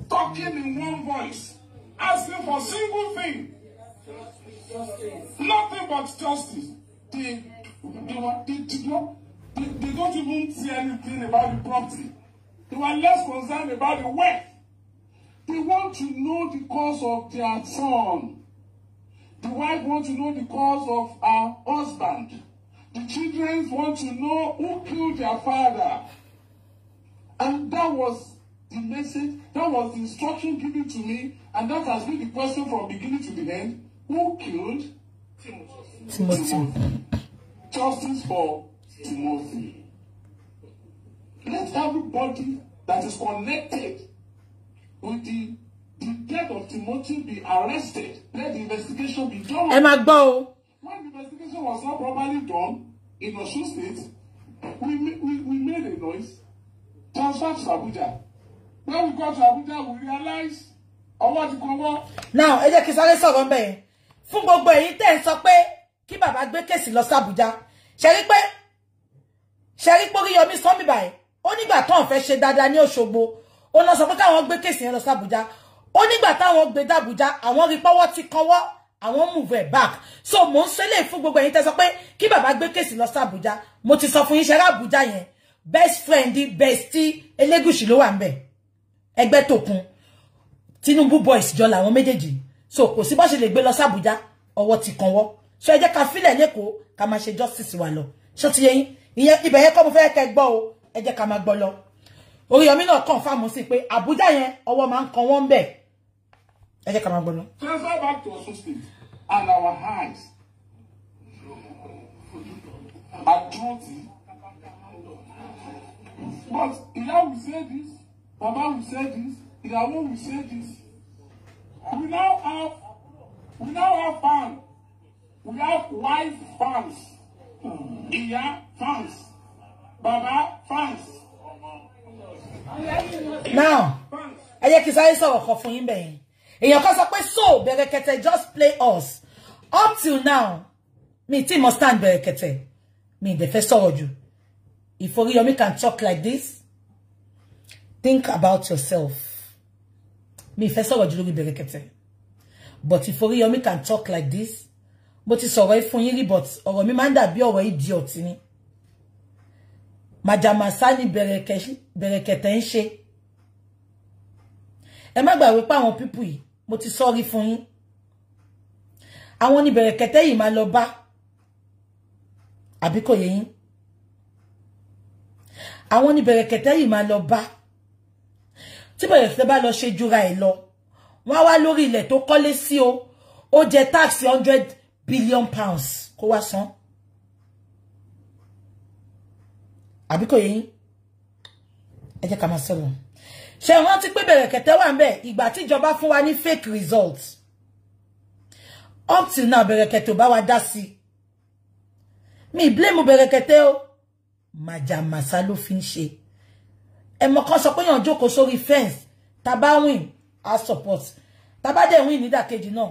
talking in one voice, asking for single thing, nothing but justice. They they were they they, they don't even see anything about the property. They were less concerned about the wealth. They want to know the cause of their son. The wife wants to know the cause of her husband. The children want to know who killed their father. And that was the message, that was the instruction given to me, and that has been the question from beginning to the end. Who killed Timothy? Justice for Timothy. Let everybody that is connected will the the death of Timothy be arrested? Let the investigation be done. Ẹ máa When the investigation was not properly done in Osun State, we, we, we made a noise, transferred to Abuja. When we got to Abuja, we realized Now, ẹ jẹ́ kí sáré sọ̀rọ̀ mbẹ́ yẹn. Fún gbogbo èyí tẹ̀ ń sọ pé kí bàbá gbé kèsì lọ sí Abuja. Ṣé rí pé ṣe rí pórí yọmí sọ́mì báyìí ó nígbà tó ń fẹ́ ṣe dáadáa ní Òṣogbo ó lọ sọ pé káwọn gbé kéèsì yẹn lọ sàbújá ó nígbà táwọn gbé dàbújá àwọn rí pọ́wọ́ ti kanwọ́ àwọn move ẹ̀ back so mò ń sẹ́lẹ̀ fún gbogbo ẹ̀yin tẹ́ sọ pé kí bàbá gbé kéèsì lọ sàbújá mo ti sọ fún yín ṣẹ́rẹ́ àbújá yẹn best friend bestie elégùsì ló wà ń bẹ̀ ẹgbẹ́ tòkun Tinubu boys jọ làwọn méjèèjì so kò sí bó ṣe lè gbé lọ sàbújá ọwọ́ ti kanwọ́ so ẹ jẹ́ ká fílẹ̀ lẹ́kọ̀ọ́ ká máa ṣe justice wa lọ ṣó ti yẹ ìyẹn ibẹ̀ yẹn kọ́ mo fẹ́ kẹ́ gbọ́ o ẹ jẹ́ ká máa gbọ́ lọ. Oríyọmí náà kàn fáàmù sí pé Àbújá yẹn ọwọ́ máa ń kan wọ́n bẹ̀. Ẹ jẹ́ ká máa gbọ́ná. Transfer back to Osun State and our hands. Àdúrótì. But ìyá we say this, bàbá we say this, ìyàwó we say this. We now have we now have fans. We have wife fans. Ìyá fans. Baba fans. now ẹ yẹ kí sáyé sọ̀rọ̀ kan fún yín bẹ̀yẹn so berekete just play us up till now me tí mo stand bẹ̀rẹ̀kẹ̀tẹ̀ mi ì dẹ̀ fẹ́ sọ̀rọ̀ jù ìforíyọmí can talk like this think about yourself Me first fẹ́ you jù lórí bẹ̀rẹ̀kẹ̀tẹ̀ but ìforíyọmí can talk like this But it's alright for fún but ọ̀rọ̀ mi máa ń dàbí ọ̀rọ̀ idiot ni màjàmásá bẹ̀rẹ̀kẹ̀tẹ̀ ń ṣe ẹ má gbàgbé pé àwọn pípù yìí mo ti sọ́rí fún yín àwọn ni bẹ̀rẹ̀kẹ̀tẹ̀ yìí máa lọ bá àbí kò yé yín àwọn ni bẹ̀rẹ̀kẹ̀tẹ̀ yìí máa lọ bá tí bẹ̀rẹ̀kẹ̀tẹ̀ bá lọ ṣe jura ẹ̀ lọ wọ́n á wá lórí ilẹ̀ tó kọ́lé sí o ó jẹ tax hundred billion pounds kó wá san àbí kò yé yín ẹ jẹ́ ká máa sọ̀rọ̀ ṣe rántí pé bẹ̀rẹ̀ kẹ̀tẹ́ wà ń bẹ̀ ìgbà tíjọba fún wa ní fake results. up till now bẹ̀rẹ̀ kete ò bá wa dá mi blame bẹ̀rẹ̀ kete o màjàmásá ló fi ń ṣe ẹmọ kan sọ pé yàn jókòó sórí fence tá bá win a support tá bá dẹ̀ win nídàkejì náà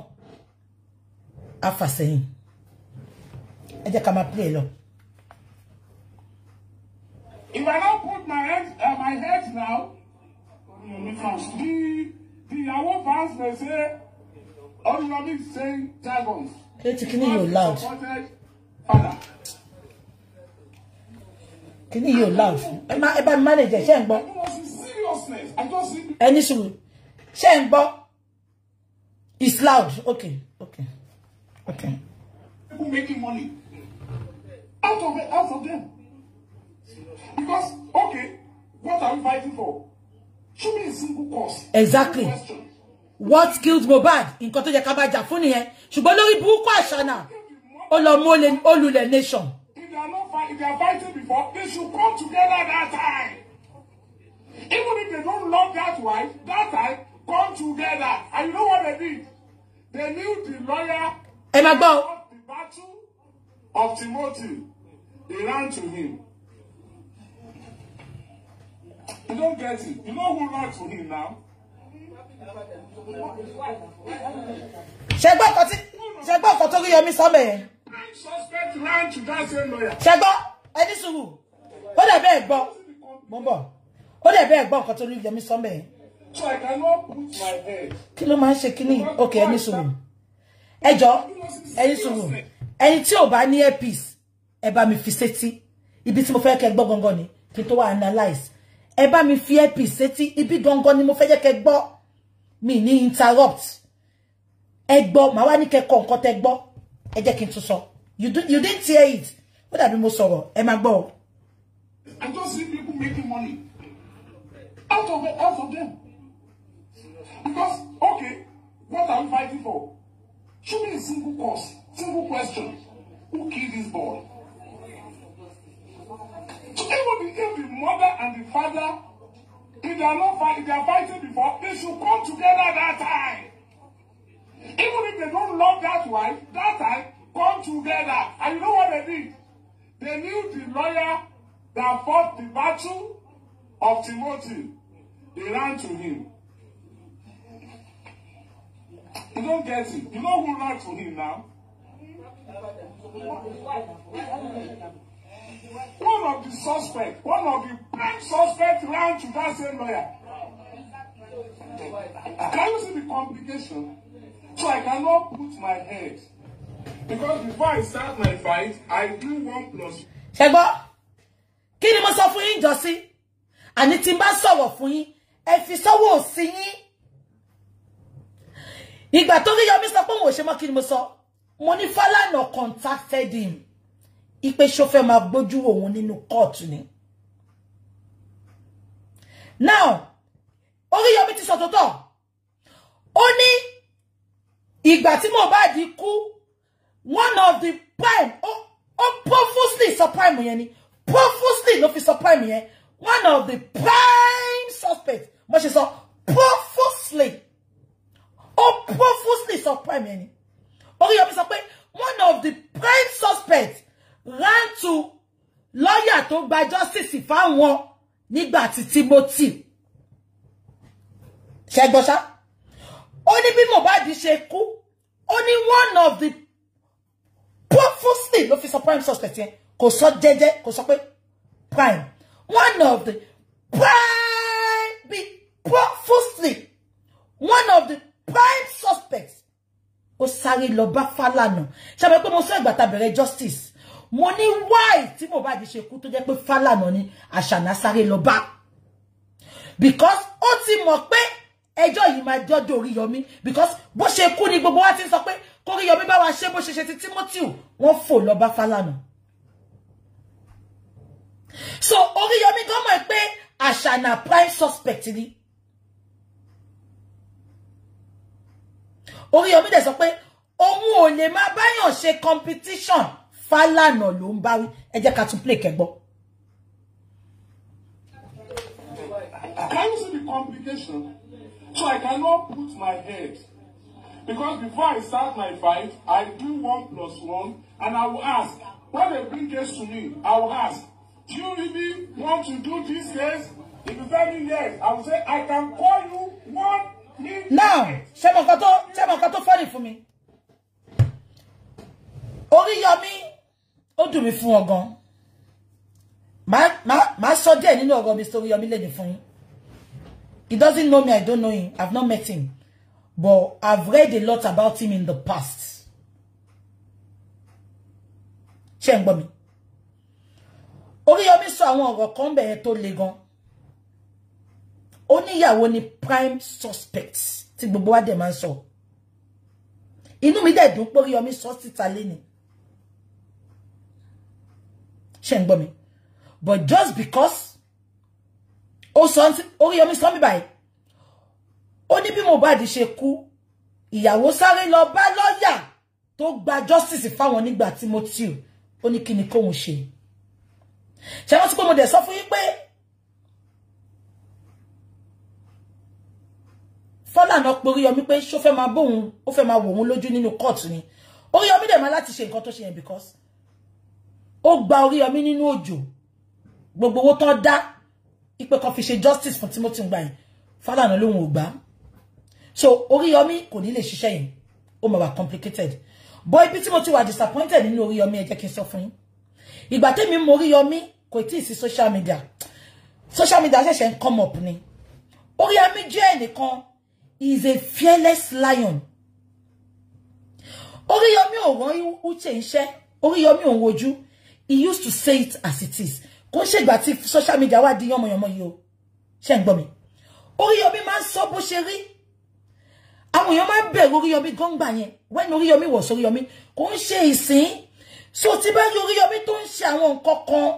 a fà sẹ́yìn ẹ jẹ́ ká play lọ. If I now put my head, uh, my head now, the the Yahoo fans may say, all Olulami is saying dragons. Hey, can you loud? Can you loud? Am I about manager? Ṣé ń gbọ́? Seriousness, I don't see. Ẹni sùúrù. Ṣé ń It's loud. Okay, okay, okay. People making money out of it, out of them. Because, okay, what are we fighting for? Show me a single cause. Exactly. what killed Mohbad? Nǹkan tó jẹ́ ká bá jà fún nìyẹn. Ṣùgbọ́n lórí burúkú àṣà náà, ó lọ nation. If they are not fighting, if they are fighting before, they should come together that time. Even if they don't love that wife, that time, come together. And you know what they did? They knew the lawyer. Ẹ máa gbọ́. The battle of Timothy, they ran to him. You don't get it. You know who lied to him now? Ṣẹgbọ́n kan tí ṣẹgbọ́n kan tó rí Yẹmí sọ́mọ̀ Suspect ran to that same lawyer. Ṣẹgbọ́n ẹni sùúrù ó dẹ̀ bẹ́ẹ̀ gbọ́ mo ń bọ̀ ó dẹ̀ bẹ́ẹ̀ gbọ́ nǹkan tó So I cannot put my head. Kí ló máa Okay, ṣe kínní? Ok ẹni sùúrù. Ẹ jọ ẹni sùúrù ẹni tí ò bá mi fiseti. ibi tí mo fẹ́ kẹ́ gbọ́ ni kí n tó ẹ bá mi fi earpiece sétí ibi gangan ni mo fẹ́ jẹ́ kẹ́ gbọ́ mi ni interrupt ẹ gbọ́ màá wá ní kẹ́ kọ nǹkan tẹ́ gbọ́ ẹ jẹ́ kí n tún sọ you didn't hear it what ó dàbí mo soro ẹ máa gbọ́ I just see people making money out of the out of them because okay what are I'm fighting for Show me a single cause single question who killed this boy even the, if the mother and the father, if they are not if they are fighting before, they should come together that time. Even if they don't love that wife, that time, come together. And you know what they did? They knew the lawyer that fought the battle of Timothy. They ran to him. You don't get it. You know who ran to him now? One of the suspects, one of the prime suspects ran to that same lawyer. Can you see the complication? So I cannot put my head. Because before I start my fight, I do one plus. Ṣẹgbọ́, kí ni mo sọ fún yín jọ́sí? Àní tí n bá sọ̀rọ̀ fún yín, ẹ fi sọ́wọ́ òsì yín. Ìgbà tó rí Yọmí sọ pé òun ò ṣe mọ́ kí ni mo sọ? Mo no contacted him ipe ṣó fẹ́ máa gbójú òun nínú ni now Oríyọmí ti sọ tòótọ́ ó ní ìgbà tí Mohbad kú one of the prime ó ó purposely sọ prime yẹn ni purposely ló fi sọ prime yẹn one of the prime suspects mo ṣe sọ purposely ó purposely sọ prime yẹn ni Oríyọmí sọ pé one of the prime suspects to lawyer to gba justice fáwọn nígbà tí Timothy ṣẹgbọ́sá ó ní bí Mohbad ṣe kú ó ní one of the purposely ló fi sọ prime suspect yẹn kò sọ jẹ́jẹ́ kò sọ pé prime one of the prime be purposely one of the prime suspects ó sáré lọ bá Fálànà ṣàbẹ̀ pé mo sọ ìgbà tá bẹ̀rẹ̀ justice Money, Àṣànà sáré lọ bá because ó ti di se pé ẹjọ́ yìí máa jọ́jọ́ Oríyọmí because bó ṣe kú ni gbogbo wa ti sọ pé kóríyọmí bá wa ṣe bó ṣe ṣe ti Timothy wọ́n fò lọ bá Fálànà so Oríyọmí gan mọ̀ pé Àṣànà prime suspect ni Oríyọmí dẹ̀ sọ pé òun ò lè máa báyàn ṣe competition Fálànà ló ń bá wí ẹ jẹ́ ká tún play kẹ́gbọ́. Can you see the complication? So I cannot put my head. Because before I start my fight, I do one plus one, and I will ask, when they bring case to me, I will ask, do you really want to do this case? If you tell me yes, I will say, I can call you one minute. Now, ṣé mo kàn tó, ṣé mo kàn tó funny fún mi. Oríyọmí ó dùn mí fún wọn gan màá sọ díẹ̀ nínú ọ̀rọ̀ mi sórí ọmí lẹ́nu fún yín he doesn't know me I don't know him I've not met him but I've read a lot about him in the past ṣé ń gbọ́ mi Oríyọmí sọ àwọn ọ̀rọ̀ kan bẹ̀rẹ̀ to le gan ó níyàwó ni prime suspect tí gbogbo wa dẹ̀ máa ń sọ inú mi dẹ̀ dùn pé Oríyọmí sọ síta lénìí ṣe but just because ó sọ Oríyọmí sọ mí báyìí ó ní bí Mohbad ṣe kú ìyàwó sáré lọ bá lọ́yà tó gba justice fáwọn nígbà Timothy ó ní kí ni kóhun ṣe ṣe wọ́n ti pé mo dẹ̀ sọ fún yín pé Fọlànà pé Oríyọmí pé ṣó fẹ́ máa bóun ó fẹ́ máa wò òun lójú nínú court ni Oríyọmí dẹ̀ máa láti ṣe nǹkan tó ṣe yẹn because ó gba Oríyọmí nínú òjò gbogbo owó tán dá ipe kan fi ṣe justice fún Timothy gbà yẹn Fálànà lòun ò gbà so Oríyọmí kò ní lè ṣiṣẹ́ yẹn ó máa wà complicated boy ibi tí mo ti wà disappointed nínú Oríyọmí ẹ jẹ́ kí n sọ fún yín ìgbà tẹ́mi mọ Oríyọmí kò tí ì sí social media social media ṣẹ̀ṣẹ̀ ń come up ni Oríyọmí jẹ́ ẹnìkan is a fearless lion Oríyọmí ò rán Uche iṣẹ́ Oríyọmí ò wojú he used to say it as it is kò ṣe ìgbà tí social media wa di yomo yìí o ṣe ń gbọ́ mi Oríyọmí máa ń sọ bó ṣe rí àwọn èèyàn máa ń bẹ̀rù Oríyọmí gọ́ngbà yẹn wẹ́n Oríyọmí wọ̀ sí Oríyọmí kò ń ṣe ìsìn so ti bá rí Oríyọmí tó ń ṣe àwọn nǹkan kan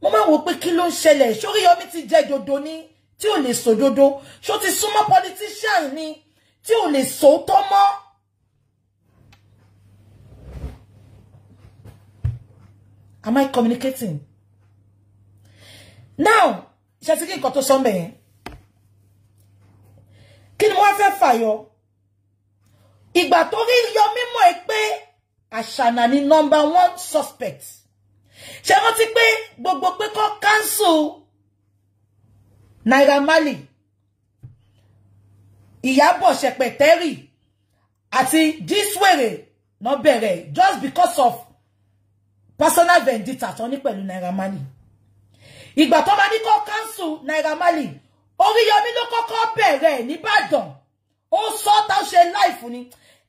mo máa wò pé kí ló ń ṣẹlẹ̀ ṣé Oríyọmí ti jẹ́ dodo ni tí ò lè sòdodo ṣó ti súnmọ́ politician ni tí ò lè sòótọ́ mọ́. Am I communicating? Now, ṣe ti kí nǹkan tó sọ mbẹ̀ yẹn. Kí ni wọ́n fẹ́ fàyọ? Ìgbà tó rí yọ mímọ́ ni number one suspect. Ṣé rántí pé gbogbo pé kọ́ cancel Naira Marley, Ìyábọ̀ Ṣẹ̀pẹ̀tẹ́rì this way, náà bẹ̀rẹ̀ just because of personal vendetta tó ní pẹ̀lú Naira Marley ìgbà tó bá ní kó cancel Naira Marley Oríyọmí ló kọ́kọ́ bẹ̀rẹ̀ nìbàdàn ó sọ tá ṣe láìfù ni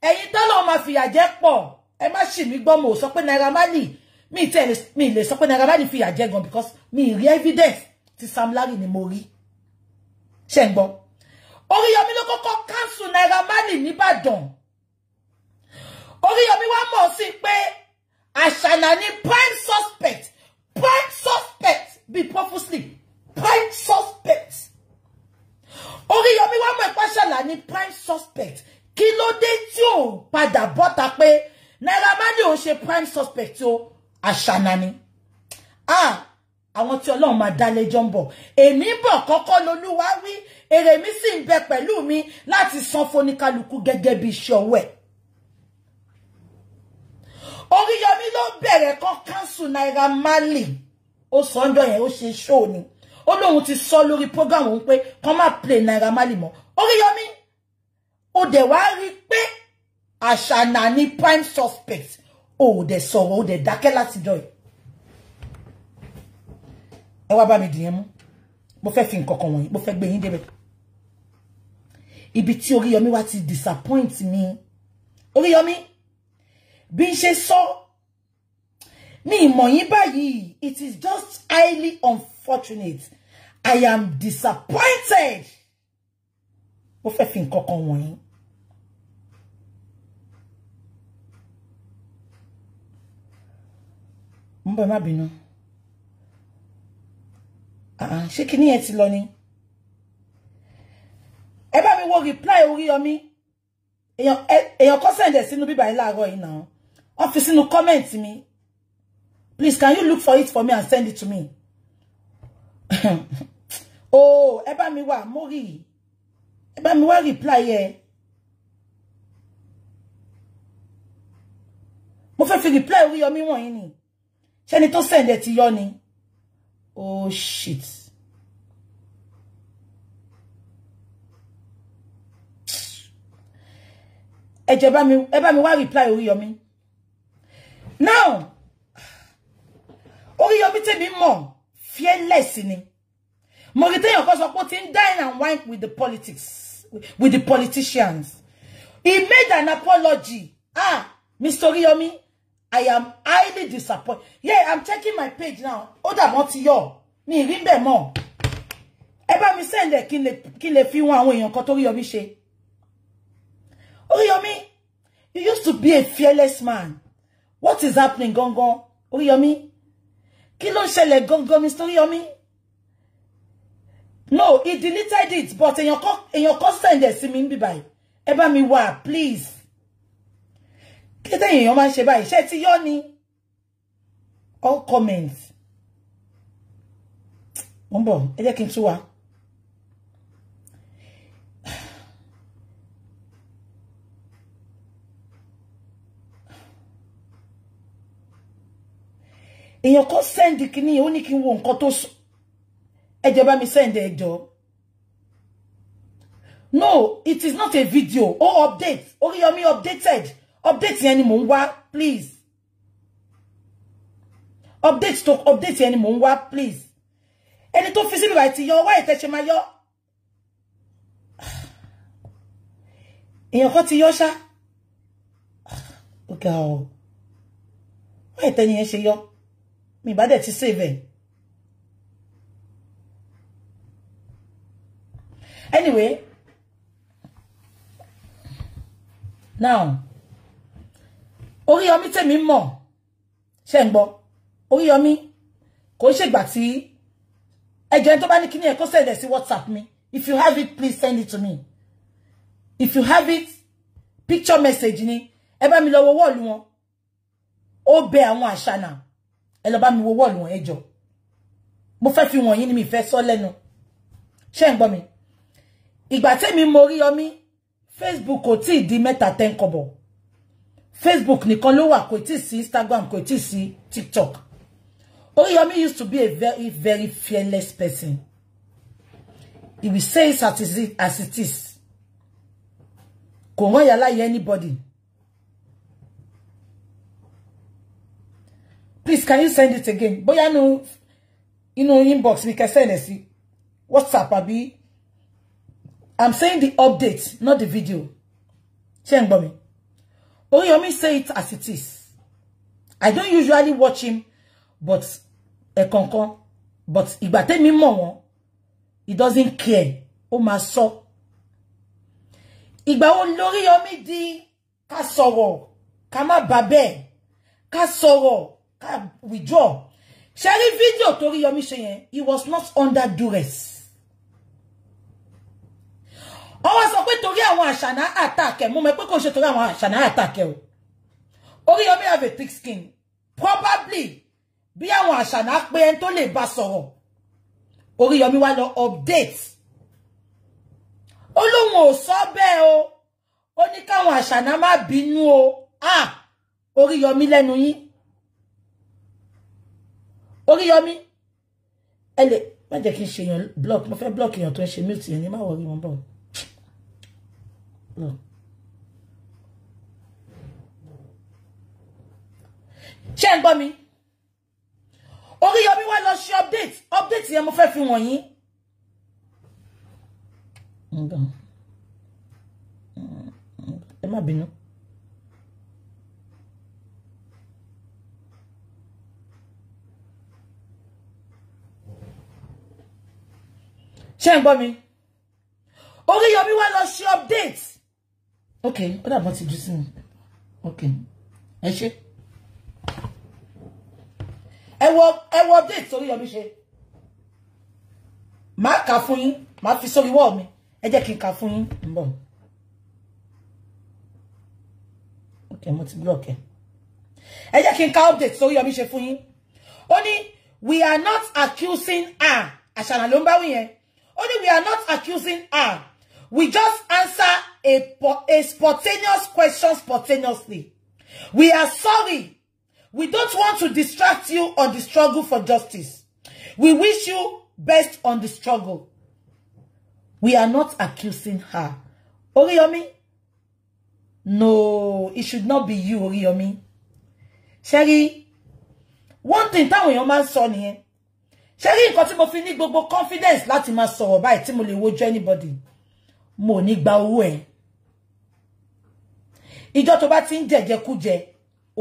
ẹ̀yin tọ́lọ́ máa fìyà jẹ pọ̀ ẹ má ṣì mí gbọ́ mo sọ pé Naira Marley mi tẹ̀ mi lè sọ pé Naira Marley fìyà jẹ gan because mi rí evidence ti Sam Larry ni mo rí ṣe ń gbọ́ Oríyọmí ló kọ́kọ́ cancel Naira Marley nìbàdàn Oríyọmí wá mọ̀ sí pé. Ashanani prime suspect. Prime suspect. Be purposely. Prime suspect. Oriyomi wa mọ̀ pé Ashanani prime suspect. Kí ló dé tí ò padà bọ́ta Naira Marley ò ṣe prime suspect yo Ashanani. Ah, I want Ọlọ́run máa dá lẹ́jọ́ ń bọ̀. Èmi bọ̀ kọ́kọ́ lolúwa wí. Èrè mi sì ń bẹ pẹ̀lú mi lati sonfonika luku gẹ́gẹ́ bí iṣẹ́ ọwọ́ Oriyomi ló bẹ̀rẹ̀ kan cancel Naira Marley ó sọ ńjọ́ yẹn ó ṣe show ni ó ti sọ lórí program òun pé kàn má play Naira Marley mọ́ Oríyọmí ó dẹ̀ wá rí pé àṣànà ní prime suspect ó dẹ̀ sọ̀rọ̀ ó dẹ̀ dákẹ́ láti jọ yìí ẹ wá mi dìyẹn mú mo fẹ́ fi nǹkan kan wọ̀nyí mo fẹ́ gbé yín débẹ̀ ibi tí Oríyọmí wá ti disappoint mi Oríyọmí bí n ṣe sọ ní ìmọ̀ yín báyìí it is just highly unfortunate I am disappointed mo fẹ́ fi nǹkan kan wọ̀nyí. ń bọ̀ má bínú ah, ṣé kinní yẹn ti lọ ni ẹ bá mi wo reply orí yọmí èèyàn kọ́ sẹ̀ǹdẹ̀ sínú bíbá yìí láàárọ̀ yìí náà. Office fi sínú comment me. please can you look for it for me and send it to me oh ẹ bá mi wá mo rí mi wá reply ẹ mo fẹ́ fi reply Oríyọmí wọ̀nyí ni ṣé ni tó send ẹ ti yọ ni oh shit. ẹ jẹ́ bá mi ẹ bá mi wá reply Oríyọmí. now Oríyọmí tèmi mọ̀ fearless ni mo rí téèyàn kan sọ pé ó dine and wine with the politics with the politicians he made an apology ah Mr. Oríyọmí I am highly disappointed yeah I'm checking my page now ó dàbọ̀ ti yọ mi rí bẹ́ẹ̀ mọ́ ẹ bá mi send kin kí n lè fi wọn àwọn èèyàn kan tó Oríyọmí ṣe Oríyọmí you used to be a fearless man what is happening gangan Oríyọmí kí ló ń ṣẹlẹ̀ Mr. Oríyọmí no he deleted it but in your in your send ẹ̀ sí mi níbí báyìí mi wá please Kete tẹ́yìn èèyàn man sheba, ṣe báyìí ti yọ ni all comments mo ń bọ̀ wa. èèyàn kan send kíní ó ní kí n wo nǹkan tó sọ ẹ jẹ́ bá mi send ẹ no it is not a video ó oh, update Oríyọmí updated update yẹn ni mò ń please update to update yẹn ni mò ń please ẹni tó fi síbi báyìí ti yọ ọwọ́ ìtẹ́ṣe máa yọ èèyàn kan ti yọ ṣá ó ga ọ wọ́n ìtẹ́ni yẹn ṣe yọ mi bá dẹ̀ ti save anyway now Oríyọmí tèmi mọ̀ ṣe ń gbọ́ Oríyọmí kò ṣègbà tí ẹjọ́ ẹni tó bá ní kíní ẹ̀ kó send ẹ̀ sí WhatsApp me. if you have it please send it to me if you have it picture message ni ẹ bá mi lọ wo wọ́ọ̀lù wọn ó bẹ àwọn àṣà náà ẹ lọ bá mi wo wọ́ọ̀lù wọn ẹjọ́ mo fẹ́ fi wọ̀nyí ni mi fẹ́ sọ lẹ́nu ṣé ń gbọ́ mi ìgbà tẹ́mi mo rí yọmí Facebook kò tí di mẹ́ta tẹ́ kobo. Facebook ni ló wà kò tí ì sí Instagram kò si ì sí TikTok Oriyomi used to be a very very fearless person he will say it as it is kò rán yàrá yẹ anybody please can you send it again bóyá nu inú inbox we can send it. whatsapp Abi, i'm saying the update not the video ṣé ń gbọ́ mi Oriyomi say it as it is i don't usually watch him but concon. but ìgbà tẹ́mi me more. he doesn't care ó máa so. ìgbà wo Lori Oriyomi di ká sọ̀rọ̀ ká má bà bẹ́ẹ̀ ká ká um, withdraw ṣe rí fídíò tó rí yọmí he was not under duress ọwọ́ sọ pé torí àwọn àṣàná àtàkẹ́ attack. mi pé kò ṣe torí àwọn àṣàná àtàkẹ́ o Oríyọmí have a thick skin probably bí àwọn àṣàná pé ẹni tó lè bá sọ̀rọ̀ Oríyọmí wá lọ update ó lóun ò sọ bẹ́ẹ̀ o ó ní káwọn àṣàná má bínú o ah Oríyọmí lẹ́nu yín Oríyọmí ẹ lè má jẹ́ kí n ṣe èèyàn block mo fẹ́ block èèyàn tó ń ṣe mute yẹn ní má wọrí wọn bọ̀ ṣé ń gbọ́ mi Oríyọmí wá lọ ṣe update update yẹn mo fẹ́ fi wọ̀nyí. ẹ má bínú. ṣé ń gbọ́ mi Oríyọmí wá lọ ṣe update ok ó dàbọ̀ ti jù sí mi ok ẹ ṣe ẹ wò ẹ wò update Oríyọmí ṣe màá kà fún yín màá fi sórí wọ́ọ̀ mi ẹ jẹ́ kí n kà fún yín ń bọ̀ ok mo ti block ẹ ẹ jẹ́ kí n ka update sórí Oríyọmí ṣe fún yín ó ní we are not accusing her àṣàlà ló ń bá wí yẹn Only we are not accusing her. We just answer a, a spontaneous question spontaneously. We are sorry. We don't want to distract you on the struggle for justice. We wish you best on the struggle. We are not accusing her. Oriyomi? No, it should not be you, Oriyomi. Sherry, one thing táwọn èèyàn máa ń sọ nìyẹn ṣé rí nǹkan tí mo fi ní gbogbo confidence láti máa sọ̀rọ̀ báyìí tí mo lè wojú anybody mo ní gba owó ẹ̀ ìjọ tó bá ti ń jẹ̀jẹ̀kújẹ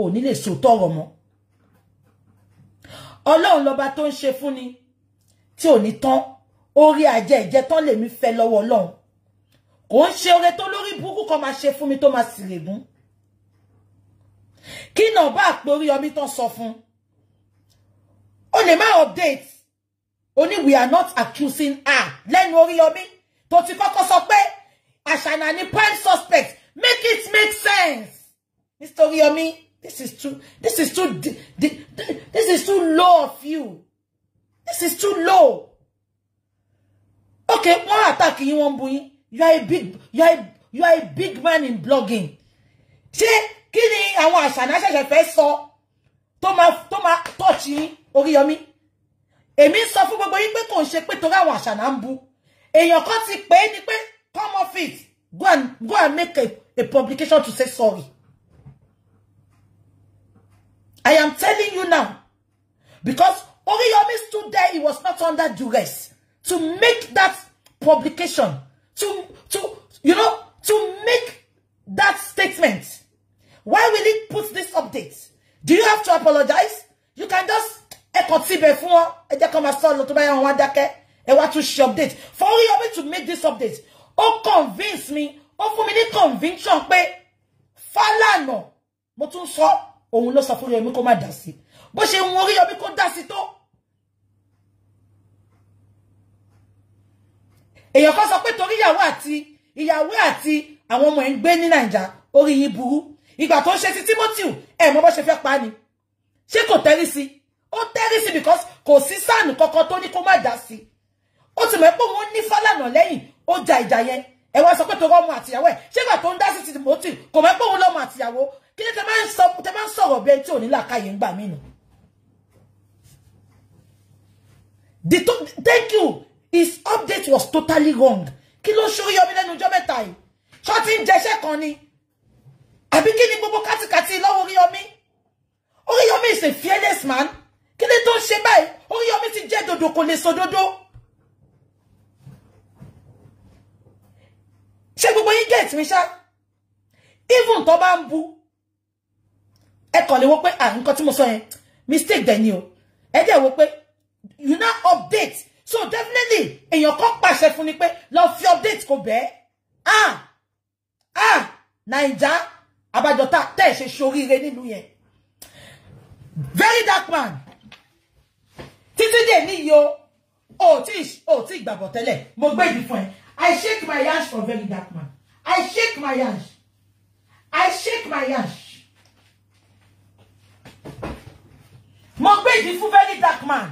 ò ní lè sòótọ́ ọ̀rọ̀ mọ́ ọlọ́run lọba tó ń ṣe fún ni tí ò ní tán orí ajẹ́ ìjẹ́ tán lèmi fẹ́ lọ́wọ́ ọlọ́run kò ń ṣe oore tó lórí burúkú kan máa ṣe fún mi tó máa sì lè mú kí náà bá àpò orí ọmí o lè má update Only we are not accusing her Len worry, Yomi. ti kọ́kọ́ sọ pé ni prime suspect make it make sense Mr. Yomi. this is too this is too this is too low of you this is too low okay one attack you wọ́n boy? you are a big you are a, you are a big man in blogging ṣé kí I want Àṣànà ṣẹ̀ṣẹ̀ fẹ́ sọ first máa tó máa touch me, Oríyọmí èmi ń sọ fún gbogbo yín pé kò ń ṣe pé torí àwọn àṣà náà ń bu èèyàn kan ti pè ni pé come off it go and go and make a, a publication to say sorry I am telling you now because Oriyomi stood there he was not under duress to make that publication to to you know to make that statement why will he put this update do you have to apologize you can just E kàn tibẹ̀ fún wọn ẹ jẹ́ kó máa sọ lọ tó bá yà wọn wá dákẹ́ ẹ wá tún ṣe update for only of to make this update ó convince me ó fún mi ní conviction pé Fálànà mo tún sọ òun ló sọ fún Oríyọmí kó má dá sí bó ṣe wọn Oríyọmí kó dá sí tó. èèyàn kan sọ pé torí ìyàwó àti ìyàwó àti àwọn ọmọ ẹ̀ ń gbé ní nàìjà orí yìí burú ìgbà tó ń ti Timothy ẹ̀ mọ́ bó ṣe fẹ́ pa ni ṣé kò tẹ́rí ó tẹ́rí sí because kò sí sáànù kankan tó ní kó má dá sí ó ti mọ̀ pé wọ́n ní fálànà lẹ́yìn ó ja ìjà yẹn ẹ wá sọ pé tó rọ́ọ̀mù àtìyàwó ẹ̀ ṣégbà tó ń dá sí ti mọ́tì kò mọ̀ pé òun lọ́mọ àtìyàwó kí ni tẹ máa ń sọ̀rọ̀ bí ẹni tí ò ní làákàyè ń gbà mí nù. the thank you his update was totally wrong kí ló ṣorí ọmọ lẹ́nu ọjọ́ mẹ́ta yìí ṣọ́ ti ń jẹṣẹ́ kan ni àbí kí ni gbogbo kátikàti lọ́wọ́ Oríyọmí Oríyọmí is a fearless man kí ló tó ń ṣe báyìí Oríyọmí ti jẹ́ dodo kò lè sọ dodo ṣé gbogbo yín get mi ṣá even tó bá ń bu ẹ kàn lè wo pé à nǹkan tí mo sọ yẹn mistake dẹ̀ ni o ẹ dẹ̀ wo pé you now update so definitely èèyàn kan pàṣẹ fún ni pé lọ fi update kò bẹ́ẹ̀ ah ah naija abájọta tẹ̀ ṣe ṣoríire nínú yẹn very dark man títí dè ní yo o ò tí ò tí gbàgbọ́ tẹ́lẹ̀ mo gbé ìdí fún ẹ I shake my yansh for very dark man I shake my yansh I shake my yansh mo gbé ìdí fún very dark man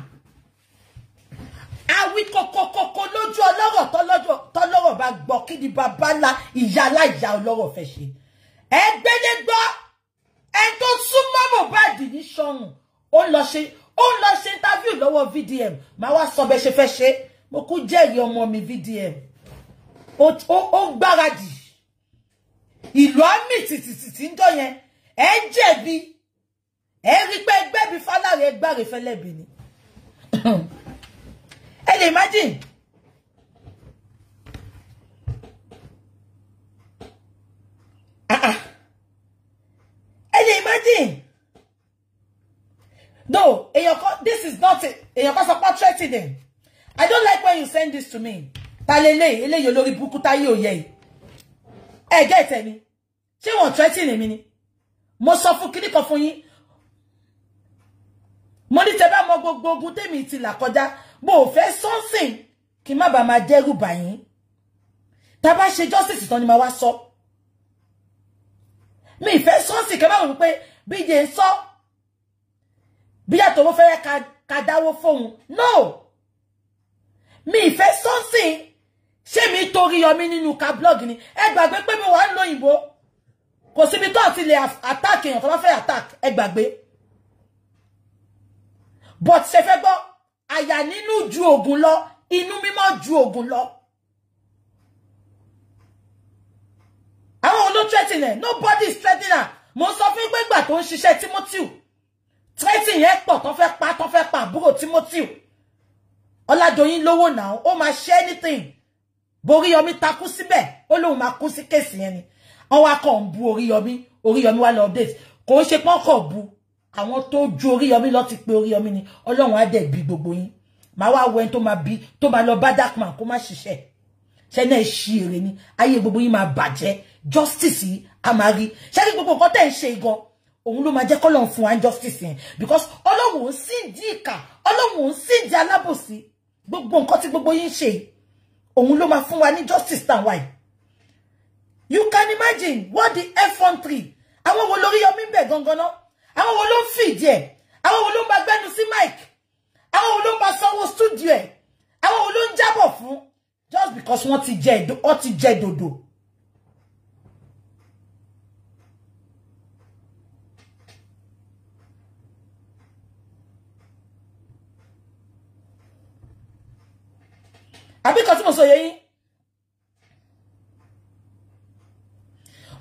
awi kokokoko lójú ọlọ́rọ̀ tọ́lọ́rọ̀ bá gbọ́ kí ni bàbá ńlá ìyá aláìyá ọlọ́rọ̀ fẹ́ ṣe ẹgbẹ́lẹ́gbọ́ ẹ tó súnmọ́ Mohbad ní sọ́run ó lọ ṣe ó lọ ṣe interview lọ́wọ́ VDM màá wá sọ bẹ́ẹ̀ ṣe fẹ́ ṣe mo kú jẹ́rìí ọmọ mi VDM ó ń gbáradì ìlú àmì tìtìtìtì ń jọ yẹn ẹ jẹ̀bi ẹ rí pé gbẹ̀bí fálárẹ̀ gbàrẹ̀ fẹ́lẹ́bì ni ẹ lè imagine. Ah, ah. ẹ lè imagine No, this is not it. Èèyàn kan sọ pé threatening. I don't like when you send this to me. Talele, eléyìí olórí burúkú táyé òye yìí. Ẹ jẹ́ ìtẹ̀ mi. Eh, Ṣé wọ́n threatening me, ni? Mo sọ fún kíní kan fún yín. Mo ní tẹ bá mọ gbogbo ogun tèmi ti là kọjá. Mo ò something. sọ́nsìn ma n má bàa máa dẹ́rù bà yín. Tá bá ṣe justice tán ni màá wá sọ. Mi ìfẹ́ sọ́nsìn kẹ́ bá wò wípé bíje ń sọ́ bí yàtọ̀ fe fẹ́ ká dáwó fóun no mi fe something. ṣé mi torí yọmí nínú ka blog ni ẹ gbàgbé pé mi wà ń lo òyìnbó kò síbi tó ti lè attack èèyàn tó bá fẹ́ attack ẹ gbàgbé but se fe gbọ́ àyà nínú ju òògùn lọ inú mímọ́ ju òògùn lọ. àwọn olóńtẹ́tì nẹ̀ nobody is threatening her mo sọ fún pé gbà tó ń ṣiṣẹ́ Timothy tírẹ́tì yẹn pọ̀ tó fẹ́ pa tó fẹ́ pa àbúrò Timothy Ọládoyin lówó náà ó máa ṣe anything Boríyọmí takú síbẹ̀ ó lóun máa kú sí kéèsì yẹn ni wọ́n wá kàn ń bu Oríyọmí Oríyọmí wá lọ update kò ń ṣe pọ́n kàn bu àwọn tó ju Oríyọmí lọ ti pé Oríyọmí ni Ọlọ́run á dẹ̀ bí gbogbo yín màá wá wẹ́n tó máa bi. tó máa lọ bá man. kó má ṣiṣẹ́ ṣẹ́ náà ṣí èrè ni ayé gbogbo yín máa bàjẹ́ justice yìí a máa rí ṣé kí gbogbo nǹkan tẹ̀ ń ṣe gan-an òun ló máa jẹ́ kọ́lọ̀ fún wa justice yẹn because ọlọ́run ń sí ìdí ìkà ọlọ́run ń sí ìdí alábòsí gbogbo nǹkan tí gbogbo yín ṣe òun ló máa fún wa ní justice tàn wáyé you can imagine what the effrontery àwọn wo lórí yọmí bẹ̀ gangan náà àwọn wo ló ń fìdí ẹ̀ àwọn wo ló ń ba gbẹ́nu sí mike àwọn wo ló ń ba sanwó studio ẹ̀ àwọn wo ló ń jábọ̀ fún just because wọ́n ti jẹ dodo. àbí kan tí mo sọ yé yín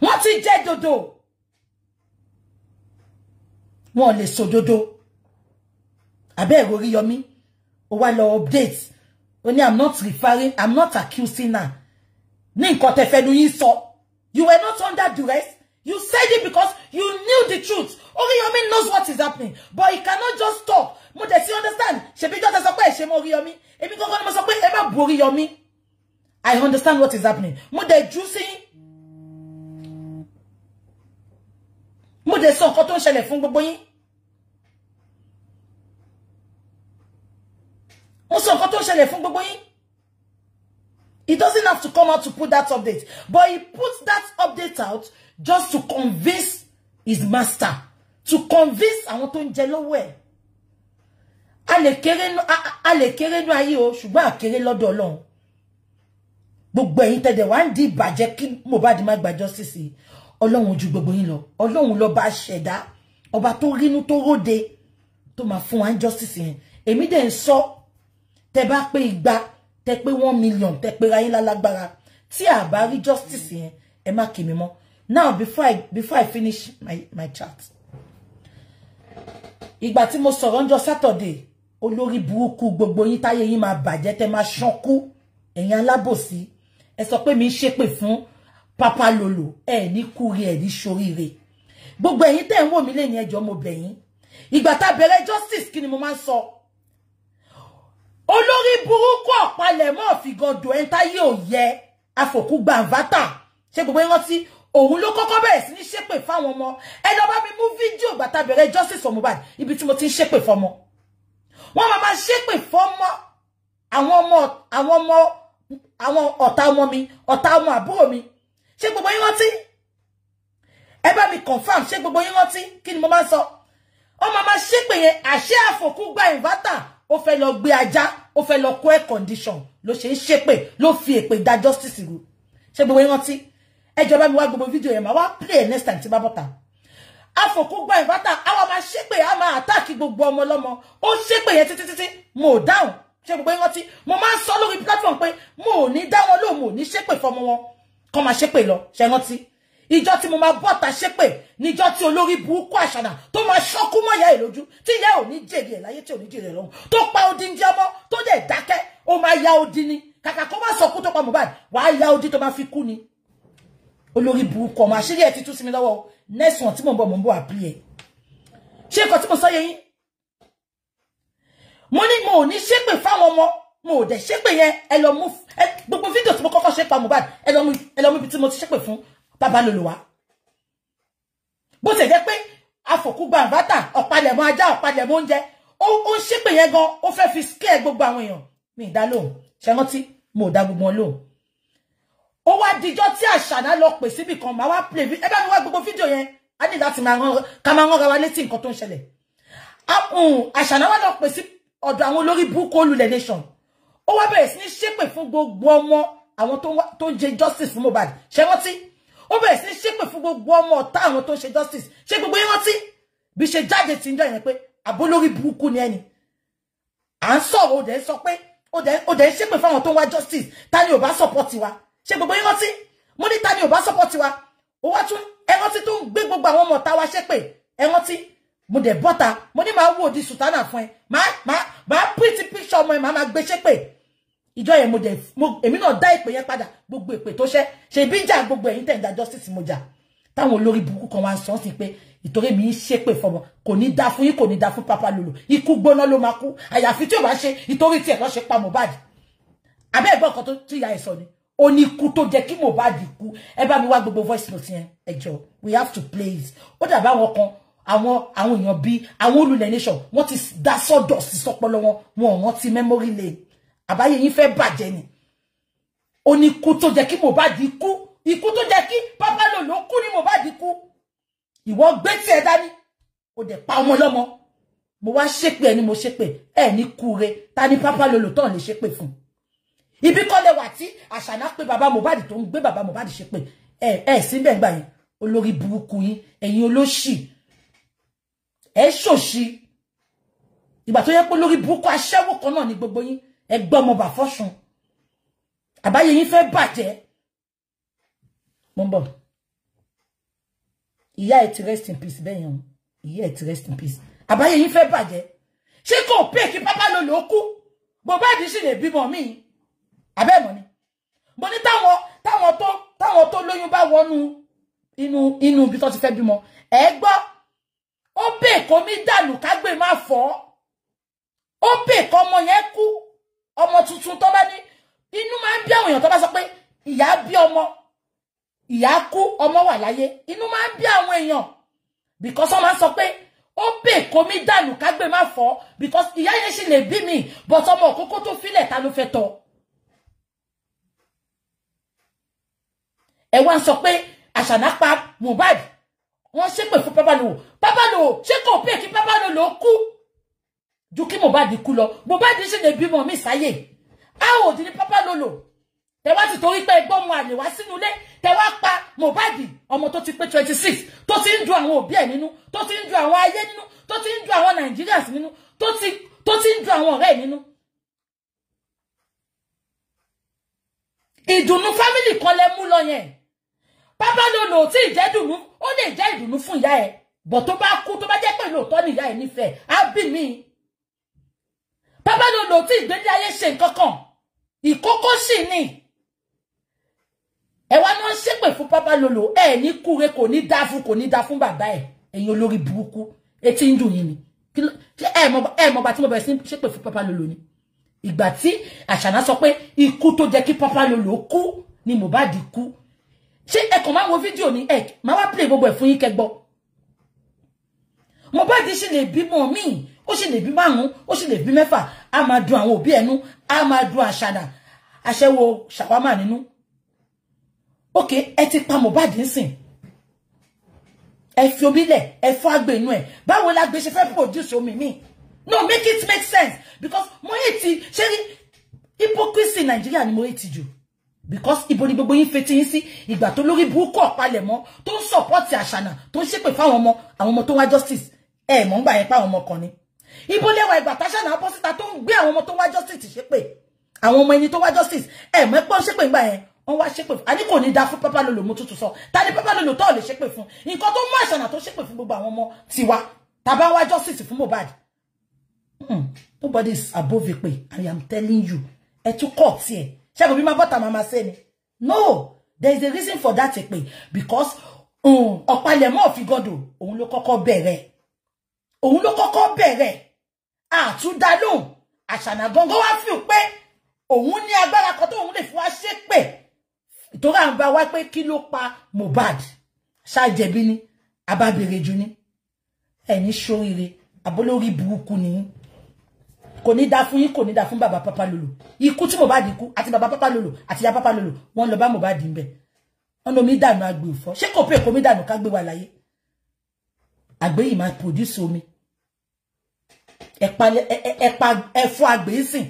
wọ́n ti jẹ dodo wọ́n lè sọ dodo àbí ẹ rori yomi ó wá lọ update ó ní i'm not referring i'm not accusing her ní nǹkan tẹ́ nu yín sọ you were not under duress You said it because you knew the truth. Oriyomi knows what is happening, but he cannot just talk. Mo de si understand. Ṣebí jọ́ tẹ sọ pé ṣe mo Oriyomi. Èmi gangan ni mo sọ pé ẹ má Oriyomi. I understand what is happening. Mo de juicy. sí. Mo de so nǹkan shele ń ṣẹlẹ̀ fún gbogbo yín. Mo sọ nǹkan tó ń ṣẹlẹ̀ fún He doesn't have to come out to put that update, but he puts that update out just to convince his master to convince àwọn tó ń jẹ lọ́wọ́ ẹ̀ a lè kéré ní ayé o ṣùgbọ́n àkéré lọ́dọ̀ ọlọ́run gbogbo ẹ̀yin tẹ̀dẹ̀ wá ń di ìbàjẹ́ kí Mohbad má gba justice sí ọlọ́run ju gbogbo yín lọ ọlọ́run lọ́ba ṣẹ̀dá ọba tó rínú tó róde tó máa fún wa ń justice yẹn èmi dẹ̀ ń sọ tẹ bá pé igba tẹ pé one million tẹ pé ra yín lálágbára tí a bá rí justice yẹn ẹ má kì mí mọ́ now before i before i finish my my chat ìgbà tí mo sọ̀rọ̀ saturday olori buruku gbogbo yín táyé yín máa bàjẹ́ tẹ́ máa ṣánkú ẹ̀yin alábòsí ẹ sọ pé mi ń ṣépè fún pápá lòlò ẹ ní kúri ẹ ní ṣoríire gbogbo ẹ̀yin tẹ́ ń wò mí lẹ́yìn ẹjọ́ mo bẹ̀ yín ìgbà tá a bẹ̀rẹ̀ justice kí ni mo máa ń sọ olórí burúkú ọ̀palẹ̀mọ́ ọ̀fìgọ̀dọ̀ ẹ̀ táyé ò yẹ afòkúgba àvátà ṣé gbogbo yín rántí òun ló kọ́kọ́ bẹ̀rẹ̀ sí ní ṣépè fáwọn ọmọ ẹ lọ bá mi mú fídíò gbàtà bẹ̀rẹ̀ justice for mobile. ibi tí mo ti ń ṣépè fọmọ wọn máa máa ṣépè fọmọ àwọn ọmọ àwọn ọmọ àwọn ọ̀tá ọmọ mi ọ̀tá ọmọ àbúrò mi ṣé gbogbo yín rántí ẹ bá mi confam ṣé gbogbo yín rántí kí ni mo máa ń sọ wọn máa máa ṣépè yẹn àṣẹ àfòkú gba inverter ó fẹ́ lọ gbé ajá ó fẹ́ lọ kó air condition ló ṣe ń ṣépè ló fi èpè dá justice ru ṣé gbogbo yín rántí ẹ mi wa gbogbo video yẹn máa wá play next time tí bá bọ́ta afọkúgbà ìbátà àwọn máa ṣépè á máa àtàkì gbogbo ọmọ ọlọ́mọ ó ṣépè yẹn títí títí mo ò dáhùn ṣe gbogbo ti. mo máa ń sọ lórí platform pé mo ò ní dá wọn mo ni ní ṣépè mo wọn kọ́ máa ṣépè lọ ṣe rántí ìjọ tí mo máa bọ́ta ṣépè níjọ tí olórí burúkú àṣànà tó máa ṣọ́kú mọ́ ìyá ẹ̀ lójú tí ìyá ò ní jèrè ẹ̀ láyé tí ò ní jèrè ẹ̀ lọ́hùn tó pa odindi ọmọ tó dẹ̀ o ma ya odi ni kàkà kó má sọ kú tó pa Mohbad wàá ya odi tó máa fi kú ni olórí burúkú ọmọ àṣírí ẹ̀ ti tú sí mi lọ́wọ́ next one tí mò ń bọ̀ mò ń bọ̀ àpí ẹ̀ ṣé nǹkan tí mo sọ yẹ yín mo ní mo ò ní ṣépè fáwọn ọmọ mo ò dẹ̀ ṣépè yẹn ẹ lọ mú gbogbo fídíò tí mo kọ́kọ́ ṣe pa Mohbad ẹ lọ mú ẹ lọ mú ibi tí mo ti ṣépè fún bàbá lòlùwà bó ṣe jẹ́ pé afọ̀kúgba àbátà ọ̀palẹ̀mọ́ ajá ọ̀palẹ̀mọ́ oúnjẹ ó ń ṣépè yẹn gan ó fẹ́ fi scare gbogbo àwọn èèyàn mi ìdá lóhùn ṣe rántí mo ò gbogbo wọn ó wá dijọ́ tí àṣàná lọ pè síbì kan màá wá play ẹ bá mi wá gbogbo fídíò yẹn a ní láti máa rán ká máa rán ra wa létí nǹkan tó ń ṣẹlẹ̀ mm, àṣàná wá lọ pè sí ọ̀dọ̀ àwọn olórí burúkú olùlẹ̀ nation ó wá bẹ̀rẹ̀ sí ní ṣépè fún gbogbo ọmọ àwọn tó ń jẹ justice fún Mohbad ṣe rántí ó bẹ̀rẹ̀ sí ní ṣépè fún gbogbo ọmọ ọ̀tá àwọn tó ń justice ṣe gbogbo yín rántí bí ṣe jáde ti ń jọ yẹn pé àbó lórí ni ẹni à ń sọ̀rọ̀ ó dẹ̀ ń sọ pé ó dẹ̀ ń ṣépè fún àwọn tó ń justice Tani ni ò bá support wa ṣé gbogbo yín rántí mo ní ta ni ò bá support wa ó wá tún ẹ rántí tó ń gbogbo àwọn ọmọ ta wa ṣépè ẹ rántí mo dẹ̀ bọ́ta mo ní ma wo òdi sùtánà fún ẹ màá màá màá pìtì píṣọ ọmọ ẹ màá máa gbé ṣépè ìjọ yẹn mo dẹ̀ mo èmi náà dá ìpè yẹn padà gbogbo ìpè tó ṣẹ́ ṣe bí jà gbogbo ẹ̀yin tẹ̀ ń da justice mo jà táwọn olórí burúkú kan wá ń sọ sí pé ìtorí mi ń ṣépè fọmọ kò ní dá fún yín kò ní dá fún pápá lòlò ikú gbóná ló máa kú àyàfi tí ò bá ṣe ìtorí tiẹ̀ lọ́ ṣe pa Mohbad abẹ́ ẹ̀gbọ́n kan tó tíya ẹ̀ sọ ni ó ní ikú tó jẹ́ kí Mohbad kú ẹ bá mi wá gbogbo voice note yẹn ẹ we have to play it ó dàbí àwọn kan àwọn àwọn èèyàn bíi àwọn olùlẹ̀ nation wọ́n ti dá sawdust sọpọlọ wọn wọn ò rántí memory lane àbáyé yín fẹ́ bàjẹ́ ni ó ní ikú tó jẹ́ kí Mohbad kú ikú tó jẹ́ kí pápá lò ló kú ní Mohbad kú ìwọ gbé tiẹ̀ dání ó dẹ̀ pa ọmọ lọ́mọ mo wá ṣépè ẹni mo ṣépè ẹ ní kúre ta ni pápá lò lò tán lè ṣépè fún un ibi kọ́ lẹ́wà tí àṣàná pé bàbá Mohbad tó ń gbé bàbá Mohbad ṣe pé ẹ ẹ síbẹ̀ gbà yẹn olórí burúkú yín ẹ̀yin olóṣì ẹ ṣòṣì ìgbà tó yẹ pé olórí burúkú aṣẹ́wó kan náà ni gbogbo yín ẹ gbọ́ ọmọ bà àbáyé yín fẹ́ bàjẹ́ mo ń bọ̀ ìyá ẹ ti rest in peace bẹ́ẹ̀ yẹn ìyá ẹ ti rest in peace àbáyé yín fẹ́ bàjẹ́ ṣé kò pé kí pápá lò ló kú Mohbad sì lè bímọ míì abẹ́ mọ̀ ni mo ní táwọn táwọn tó táwọn tó lóyún bá wọnú inú inú ibi tó ti fẹ́ bímọ ẹ gbọ́ ó bè kó mi dànù kágbè má fọ́ ó bè kó ọmọ yẹn kú ọmọ tuntun tó bá ní inú máa ń bí àwọn èèyàn tó bá sọ pé ìyá bí ọmọ ìyá kú ọmọ wà láyé inú máa ń bí àwọn èèyàn because wọ́n máa ń sọ pé ó bè kó mi dànù kágbè má fọ́ because ìyá yẹn ṣì lè bí mi but ọmọ òkókó tó filẹ̀ ta ló fẹ́ tọ́ ọ. ẹ wá ń sọ pé àṣànà pa Mohbad wọ́n ṣépè fún pápánowò pápánowò ṣé kò pè kí pápánowò ló kú ju kí Mohbad kú lọ Mohbad ṣe lè bímọ mi sáyè a ò dín ní pápánowò tẹwá ti torí pé ẹgbọ́n mu àlè wá sínú ilé tẹwá pa Mohbad ọmọ tó ti pé twenty six tó ti ń du àwọn òbí ẹ̀ nínú tó ti ń du àwọn ayé nínú tó ti ń du àwọn Nigerians nínú tó ti tó ti ń du àwọn ọ̀rẹ́ ẹ̀ nínú. ìdùnnú fámìlì kan lẹ mú lọ yẹn Papa no no, tí ì jẹ́ dùnú ó lè jẹ́ ìdùnnú fún ìyá ẹ̀ bọ̀ tó bá kú tó bá jẹ́ pé lóòótọ́ ni ìyá ẹ̀ fe. á bì mí. Papa no no, tí ì ayé ṣe nǹkan ìkókó sì ni. ẹ wá ní wọ́n ṣépè fún bàbá lónà ẹ ní kúre kò ní dá fún kò ní dá fún bàbá ẹ̀ ẹ̀yin olórí burúkú etí ń dùn yín ni ẹ mọ̀ bá tí mo bẹ̀rẹ̀ sí ṣépè fún bàbá lónà ni ìgbà tí àṣàná eyin olori buruku E pé ikú tó sepe fun papa lolo ni igba ti bàbá lónà baba lolo ku ni di kú ṣé ẹ kàn máa wo fídíò ní ẹ máa wá play gbogbo ẹ fún yín kẹgbọ Mohbad ṣì lè bímọ míì ó ṣì lè bí márùn ó ṣì lè bí mẹ́fà a máa dùn àwọn òbí ẹnu á máa dùn àṣàdà aṣẹ́wó ṣàwámà nínú ókè ẹ ti pa Mohbad nsìn ẹ fi omi lẹ ẹ fọ àgbè inú ẹ báwo la gbé ṣe fẹ́ produce omi míì no make it make sense because mo hate ṣé hypocrisy Nàìjíríà ni mo hate jù because ibo ni gbogbo yín fetí yín sí ìgbà to lórí burúkú ọ̀palẹ̀ mọ́ tó ń sọ̀pọ́tì àṣànà tó ń ṣépè fáwọn ọmọ àwọn ọmọ tó wá justice ẹ mọ̀ ń gbà yẹn pa àwọn ọmọ kan ni ibo lẹ́wà ìgbà táṣànà bọ́ síta tó ń gbé àwọn ọmọ tó wá justice ṣépè àwọn ọmọ ẹni tó wá justice ẹ mọ̀ ẹ pọ́n ṣépè ńgbà yẹn wọ́n wá ṣépè fún àní kò ní da fún pápá lòlò mo tútù sọ ta ni pápá lòlò tó lè ṣépè fún nǹkan tó mú àṣànà tó ṣépè fún gbogbo àwọn ọmọ tiwa tàbá wá justice fún Mohbad hmm, nobody is above ìpè I am telling you ẹ tún court, tiẹ̀ ṣé kò bí máa bọ́ta màmá no there is a reason for that ẹ pé because um, ọ̀pálẹ̀mọ́ ọ̀fìgọ́dọ̀ òun ló kọ́kọ́ bẹ̀rẹ̀ òun ló bere ah àtúndá lóhùn àṣànà gangan wá fi pé òun ní agbára kan tó òun lè fi wá ṣépè ìtòrá ń bá wá pé kí ló pa Mohbad ṣáàjẹbí ni abábẹ̀rẹ̀ jù ni ẹ̀yin ṣoríire abólórí burúkú nìyí kò ní dá fún yín kò ní dá fún bàbá pápá lòlò ikú tí Mohbad kú àti bàbá pápá lòlò àti ìyá pápá lòlò wọ́n lọ bá Mohbad ń bẹ̀ wọ́n lomi dànù agbe òfò ṣé kò pé kò mi dànù ká gbé wa láyé àgbé yìí máa produce omi ẹ̀pà ẹ̀fọ́ àgbé sìn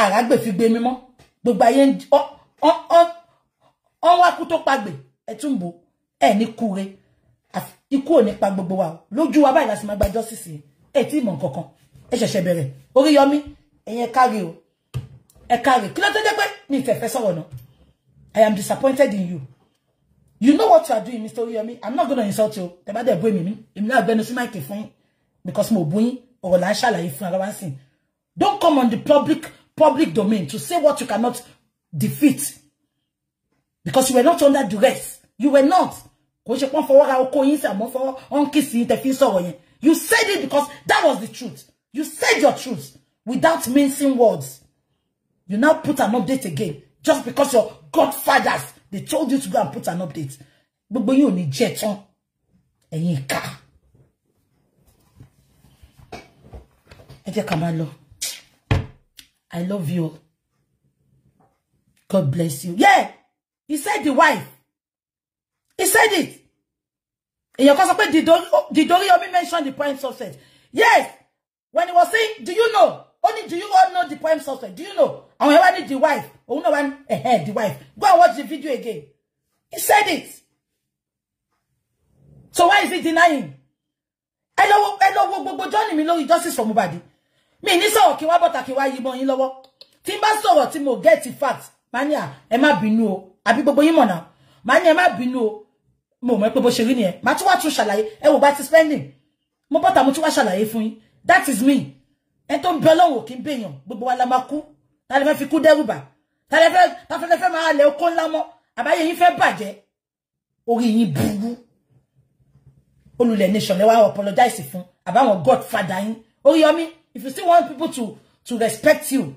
àràgbè fi gbé mímọ́ gbogbo ayé ọ̀n wá tó pàgbè ẹ̀ tún ní kure ikú ò ní pa gbogbo wa lójú wa báyìí láti máa gba justice ẹ̀ tí ì mọ̀ nǹkan kan ẹ ṣẹ̀ṣẹ̀ bẹ̀rẹ̀ Oríyọmí ẹ̀yin ẹ káre o ẹ káre kí ló tó jẹ́ pé mi ìfẹ̀fẹ́ sọ̀rọ̀ I am disappointed in you you know what you are doing Mr. Oríyọmí I'm not going to insult you tẹ́ bá dẹ̀ bú èmi mi èmi náà gbẹnu sí máìkì fún because mo bú yín ọ̀rọ̀ là ń ṣàlàyé ara wa sìn don't come on the public public domain to say what you cannot defeat because you were not under duress you were not kò ṣe pọ́n fọwọ́ ra oko yín sí àmọ́ fọwọ́ ọ́n kì sí tẹ́ fi ń sọ̀rọ̀ you said it because that was the truth You said your truth without mincing words. You now put an update again just because your godfathers, they told you to go and put an update. But yín you ní jẹ́ and you ìkà. I love you. God bless you. Yeah, he said the wife. He said it. In your sọ did Dori Omi mentioned the point of sex. Yes, when he was saying, do you know? Only do you all know the poem suspect? Do you know? And when I need the wife, oh no one, eh, the wife. Go and watch the video again. He said it. So why is he denying? I know, I know, gbogbo Johnny mi lórí justice for Mohbad. Mi ní sọ̀rọ̀ kí wá bọ́ta kí wá yìnbọn yín lọ́wọ́. Tí n bá sọ̀rọ̀ tí mo get the facts. ní Emma ẹ má bínú o. Àbí gbogbo yín mọ̀ Mania, Màá bínú Mo mọ̀ pé bó ṣe rí nìyẹn. Màá tún wá tún ṣàlàyé. Ẹ wò bá ti spending. Mo bọ́ta mo that is me ẹni tó ń bẹ ọlọ́wọ̀ kí n bèèyàn gbogbo wa la máa kú ta lè fẹ́ fi kú dẹ́rùbà ta lè fẹ́ ta fẹ́ fẹ́ máa lẹ okó ńlá mọ́ àbáyé yín fẹ́ bàjẹ́ orí yín burú olùlẹ̀ nation lẹ́wà apologize fún àbáwọn godfather yín Oríyọmí if you still want people to to respect you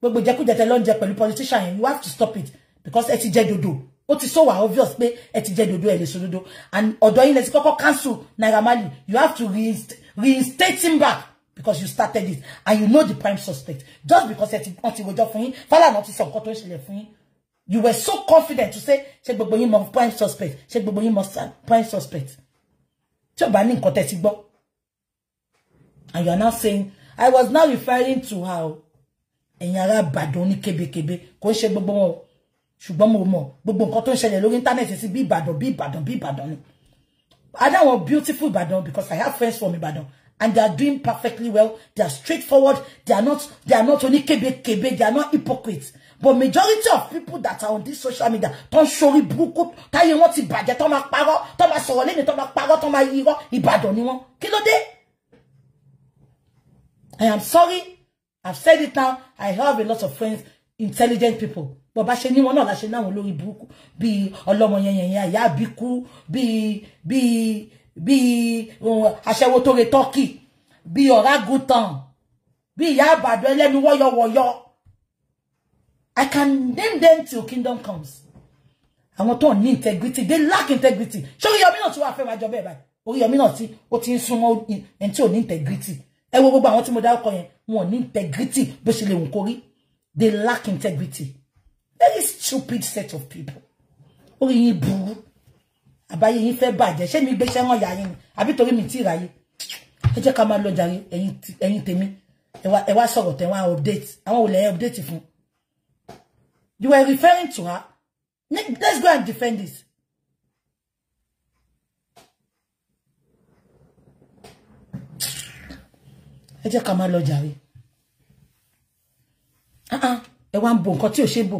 gbogbo jẹkújẹ jete ló ń jẹ politician yẹn you have to stop it because eti ti jẹ dodo ó so wà obvious pé eti ti jẹ dodo ẹ lè so dodo and ọ̀dọ̀ yín lẹ ti kọ́kọ́ cancel Naira you have to reinstate reinstate him back because you started it and you know the prime suspect just because ẹ ti wọ́n ti father fún some fálà náà ti sọ nǹkan you were so confident to say ṣé gbogbo yín mọ prime suspect ṣé gbogbo yín mọ prime suspect tí ò bá ní nǹkan tẹ́ So o ba ni nnkan and you are now saying I was now referring to how ẹ̀yin ará Ìbàdàn ní kébékébé kò ń ṣe gbogbo wọn ṣùgbọ́n mo mọ̀ gbogbo nǹkan tó ń ṣẹlẹ̀ lórí íńtánẹ́ẹ̀tì sí bí Ìbàdàn bí Ìbàdàn bí Ìbàdàn ni kebekebe ko she se gbogbo won sugbon mo mo gbogbo nnkan to n sele lori intaneeti si bi ibadan bi ibadan bi ibadan ni I don't want beautiful badon because I have friends from Ibadan and they are doing perfectly well. They are straightforward. They are not they are not only kebe kebe, they are not hypocrites. But majority of people that are on this social media, ton sori buku, ta ye wọ́n ti bàjẹ́ ton ma parọ́, ton ma sọ̀rọ̀ ton ma parọ́, ton ma irọ́, Ìbàdàn ni dé? I am sorry. I've said it now. I have a lot of friends, intelligent people. bó bá ṣe ní wọn náà la ṣe náwọn olórí burúkú bíi ọlọ́mọ yẹnyẹnyẹ àyà àbíkú bíi bíi bíi aṣẹ́wó tó re tọ́kì bíi ọ̀rágùtàn bíi ìyá àbàdàn ẹlẹ́nu wọ́yọ̀wọ́yọ̀ I can name them till kingdom comes àwọn tó ní integrity they lack integrity ṣé Oríyọmí náà tí wàá fẹ́ máa jọ bẹ́ẹ̀ báyìí Oríyọmí náà tí ó ti ń súnmọ́ ẹni tí ò ní integrity ẹ wo gbogbo àwọn tí mo dárúkọ yẹn wọn ò ní integrity bó ṣe lè wù kórí they lack integrity very stupid set of people orí you burú àbáyé yín fẹ́ bàjẹ́ ṣé mi gbéṣẹ́ wọn yà yín ni àbí torí mi tí ì ráyé ẹ jẹ́ ká any lọ jàre ẹ̀yin so ẹ wá sọ̀rọ̀ tẹ̀ wọ́n update àwọn olè ẹ̀ update fún you were referring to her let's go and defend this. ẹ jẹ́ ká máa lọ jàre ah, ah. ẹ wá ń bo nǹkan tí ò ṣe bò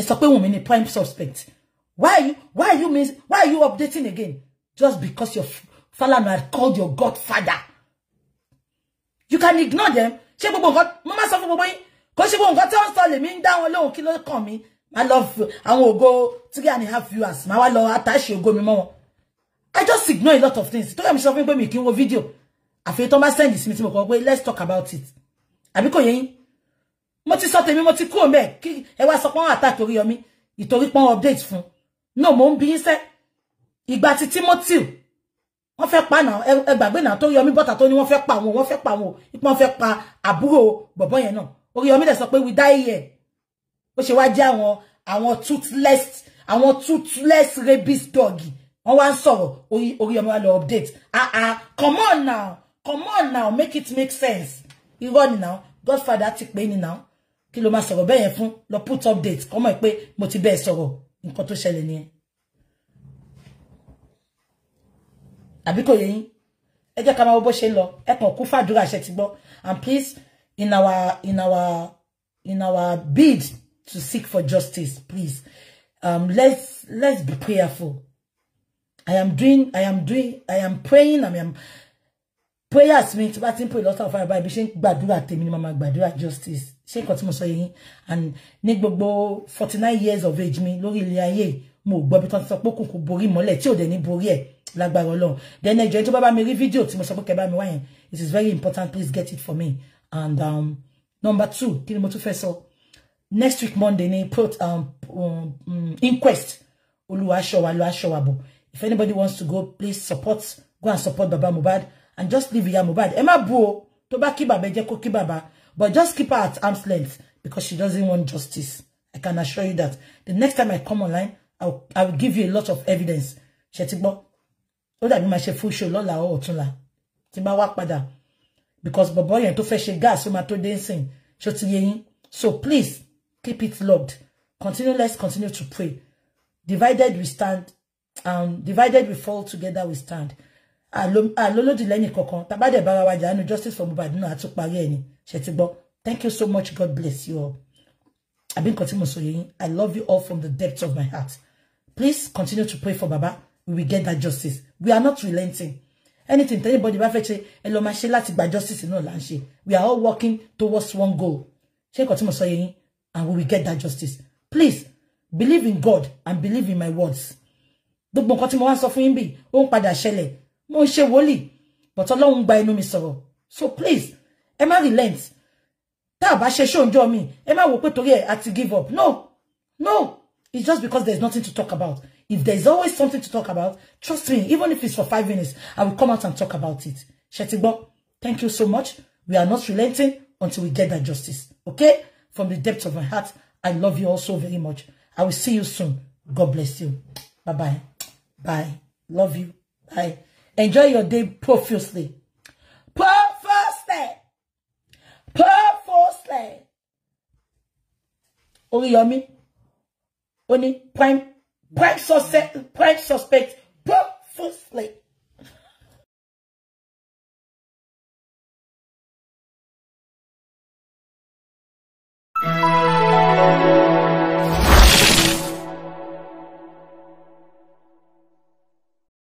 ẹ sọ pé prime suspect why are you why are you miss why are you updating again just because your Falana had called your godfather you can ignore them ṣé gbogbo nǹkan mo máa sọ fún gbogbo yín kò ṣe gbogbo nǹkan tí wọ́n sọ lèmi ń dá wọn lóhùn kí ló kàn mí máa lọ àwọn ògo three and a half viewers máa wá lọ àtàṣe ògo mi mọ́ wa lo atase ogo mi mo I just ignore a lot of things tó yẹ mi sọ fún pé mi kì í wo fídíò àfi tó bá send sí mi tí mo kọ pé let's talk about it I'll yẹ yín mo ti sọ tèmi mo ti kúrò mẹ kí ẹ wá sọ pé wọn àtàkì ìtorí pọn update fún náà mo ń bí iṣẹ ìgbà tí Timothy wọn fẹ́ pa náà ẹ gbàgbé náà tó Yọmí bọta tó ní wọn fẹ́ pa àwọn wọn fẹ́ pa àwọn ìpọn fẹ́ pa àbúrò bọbọ yẹn náà Oríyọmí dẹ̀ sọ pé we die here ó ṣe wá jẹ àwọn àwọn toothless àwọn toothless rabies dog wọn wá ń sọ̀rọ̀ Oríyọmí wa lọ update ah ah come on now come on now make it make sense irọ́ ni now Godfather ti pè ni now kí ló máa sọ̀rọ̀ bẹ́ẹ̀ yẹn fún lọ put up date kọ́ mọ̀ pé mo ti bẹ́ẹ̀ sọ̀rọ̀ nǹkan tó ṣẹlẹ̀ nìyẹn àbí kò yé ẹ jẹ́ ká máa wo bó ṣe ń lọ ẹ kàn kú fàdúrà ṣe ti gbọ́ and please in our in our in our bid to seek for justice please um, let's let's be prayerful I am doing I am doing I am praying I am prayers mi tí bá ti ń pray lọ́sàn-án fara báyìí bí ṣe ń gbàdúrà tèmi ni màmá gbàdúrà justice ṣé nǹkan tí mo so yin and ní gbogbo forty nine years of age mi lórí ilé ayé mo gbọ́ bí tán ti sọ pé òkùnkùn borí mọ́lẹ̀ tí ò dẹ̀ ní borí ẹ̀ lágbára then ẹjọ́ join to Baba. bá mi rí fídíò tí mo sọ pé kẹ́ bá mi wá yẹn it is very important please get it for me and um, number two kí ni mo tún fẹ́ sọ next week monday ni prot um, um, um, inquest olúwa aṣọ wa lọ aṣọ if anybody wants to go please support go and support baba mohbad and just leave ìyá Mohbad ẹ má bú o tó bá kí but just keep her at arm's length because she doesn't want justice I can assure you that the next time I come online I'll, I'll give you a lot of evidence ṣe ti gbọ́ ó dàbí full show Lola ọ̀ ọ̀túnla tí bá wá because bọ̀bọ̀ yẹn tó gas ó máa tó dé nsìn ṣó so please keep it locked continue let's continue to pray divided we stand um, divided we fall together we stand àlólòdì lẹ́yìn kankan tá a de dẹ̀ bára wa jàánu justice for Mohbad náà àtúparí ẹ̀ ni ṣe ti gbọ́ thank you so much God bless you all àbí been tí mo sọ I love you all from the depths of my heart please continue to pray for Baba we will get that justice we are not relenting anything anybody bá fẹ́ ṣe ẹ lọ máa ṣe láti gba justice náà là ń we are all working towards one goal ṣé nǹkan tí mo and we will get that justice please believe in God and believe in my words gbogbo nǹkan tí mo wá sọ fún yín bí ó ń padà ṣẹlẹ̀ mo ṣe woli, but Ọlọ́run gba ẹnu mi sọ̀rọ̀ so please ẹ má relent tá a bá ṣe ṣóńjọ́ mi ẹ má wò pé torí ẹ̀ àti give up no no it's just because there's nothing to talk about if there's always something to talk about trust me even if it's for five minutes I will come out and talk about it ṣetigbo thank you so much we are not relenting until we get that justice okay from the depth of my heart I love you also very much I will see you soon God bless you bye bye bye love you bye. Enjoy your day profusely. Profusely. Profusely. Oriyomi. Oni prime prime suspect prime suspect profusely. Thank you.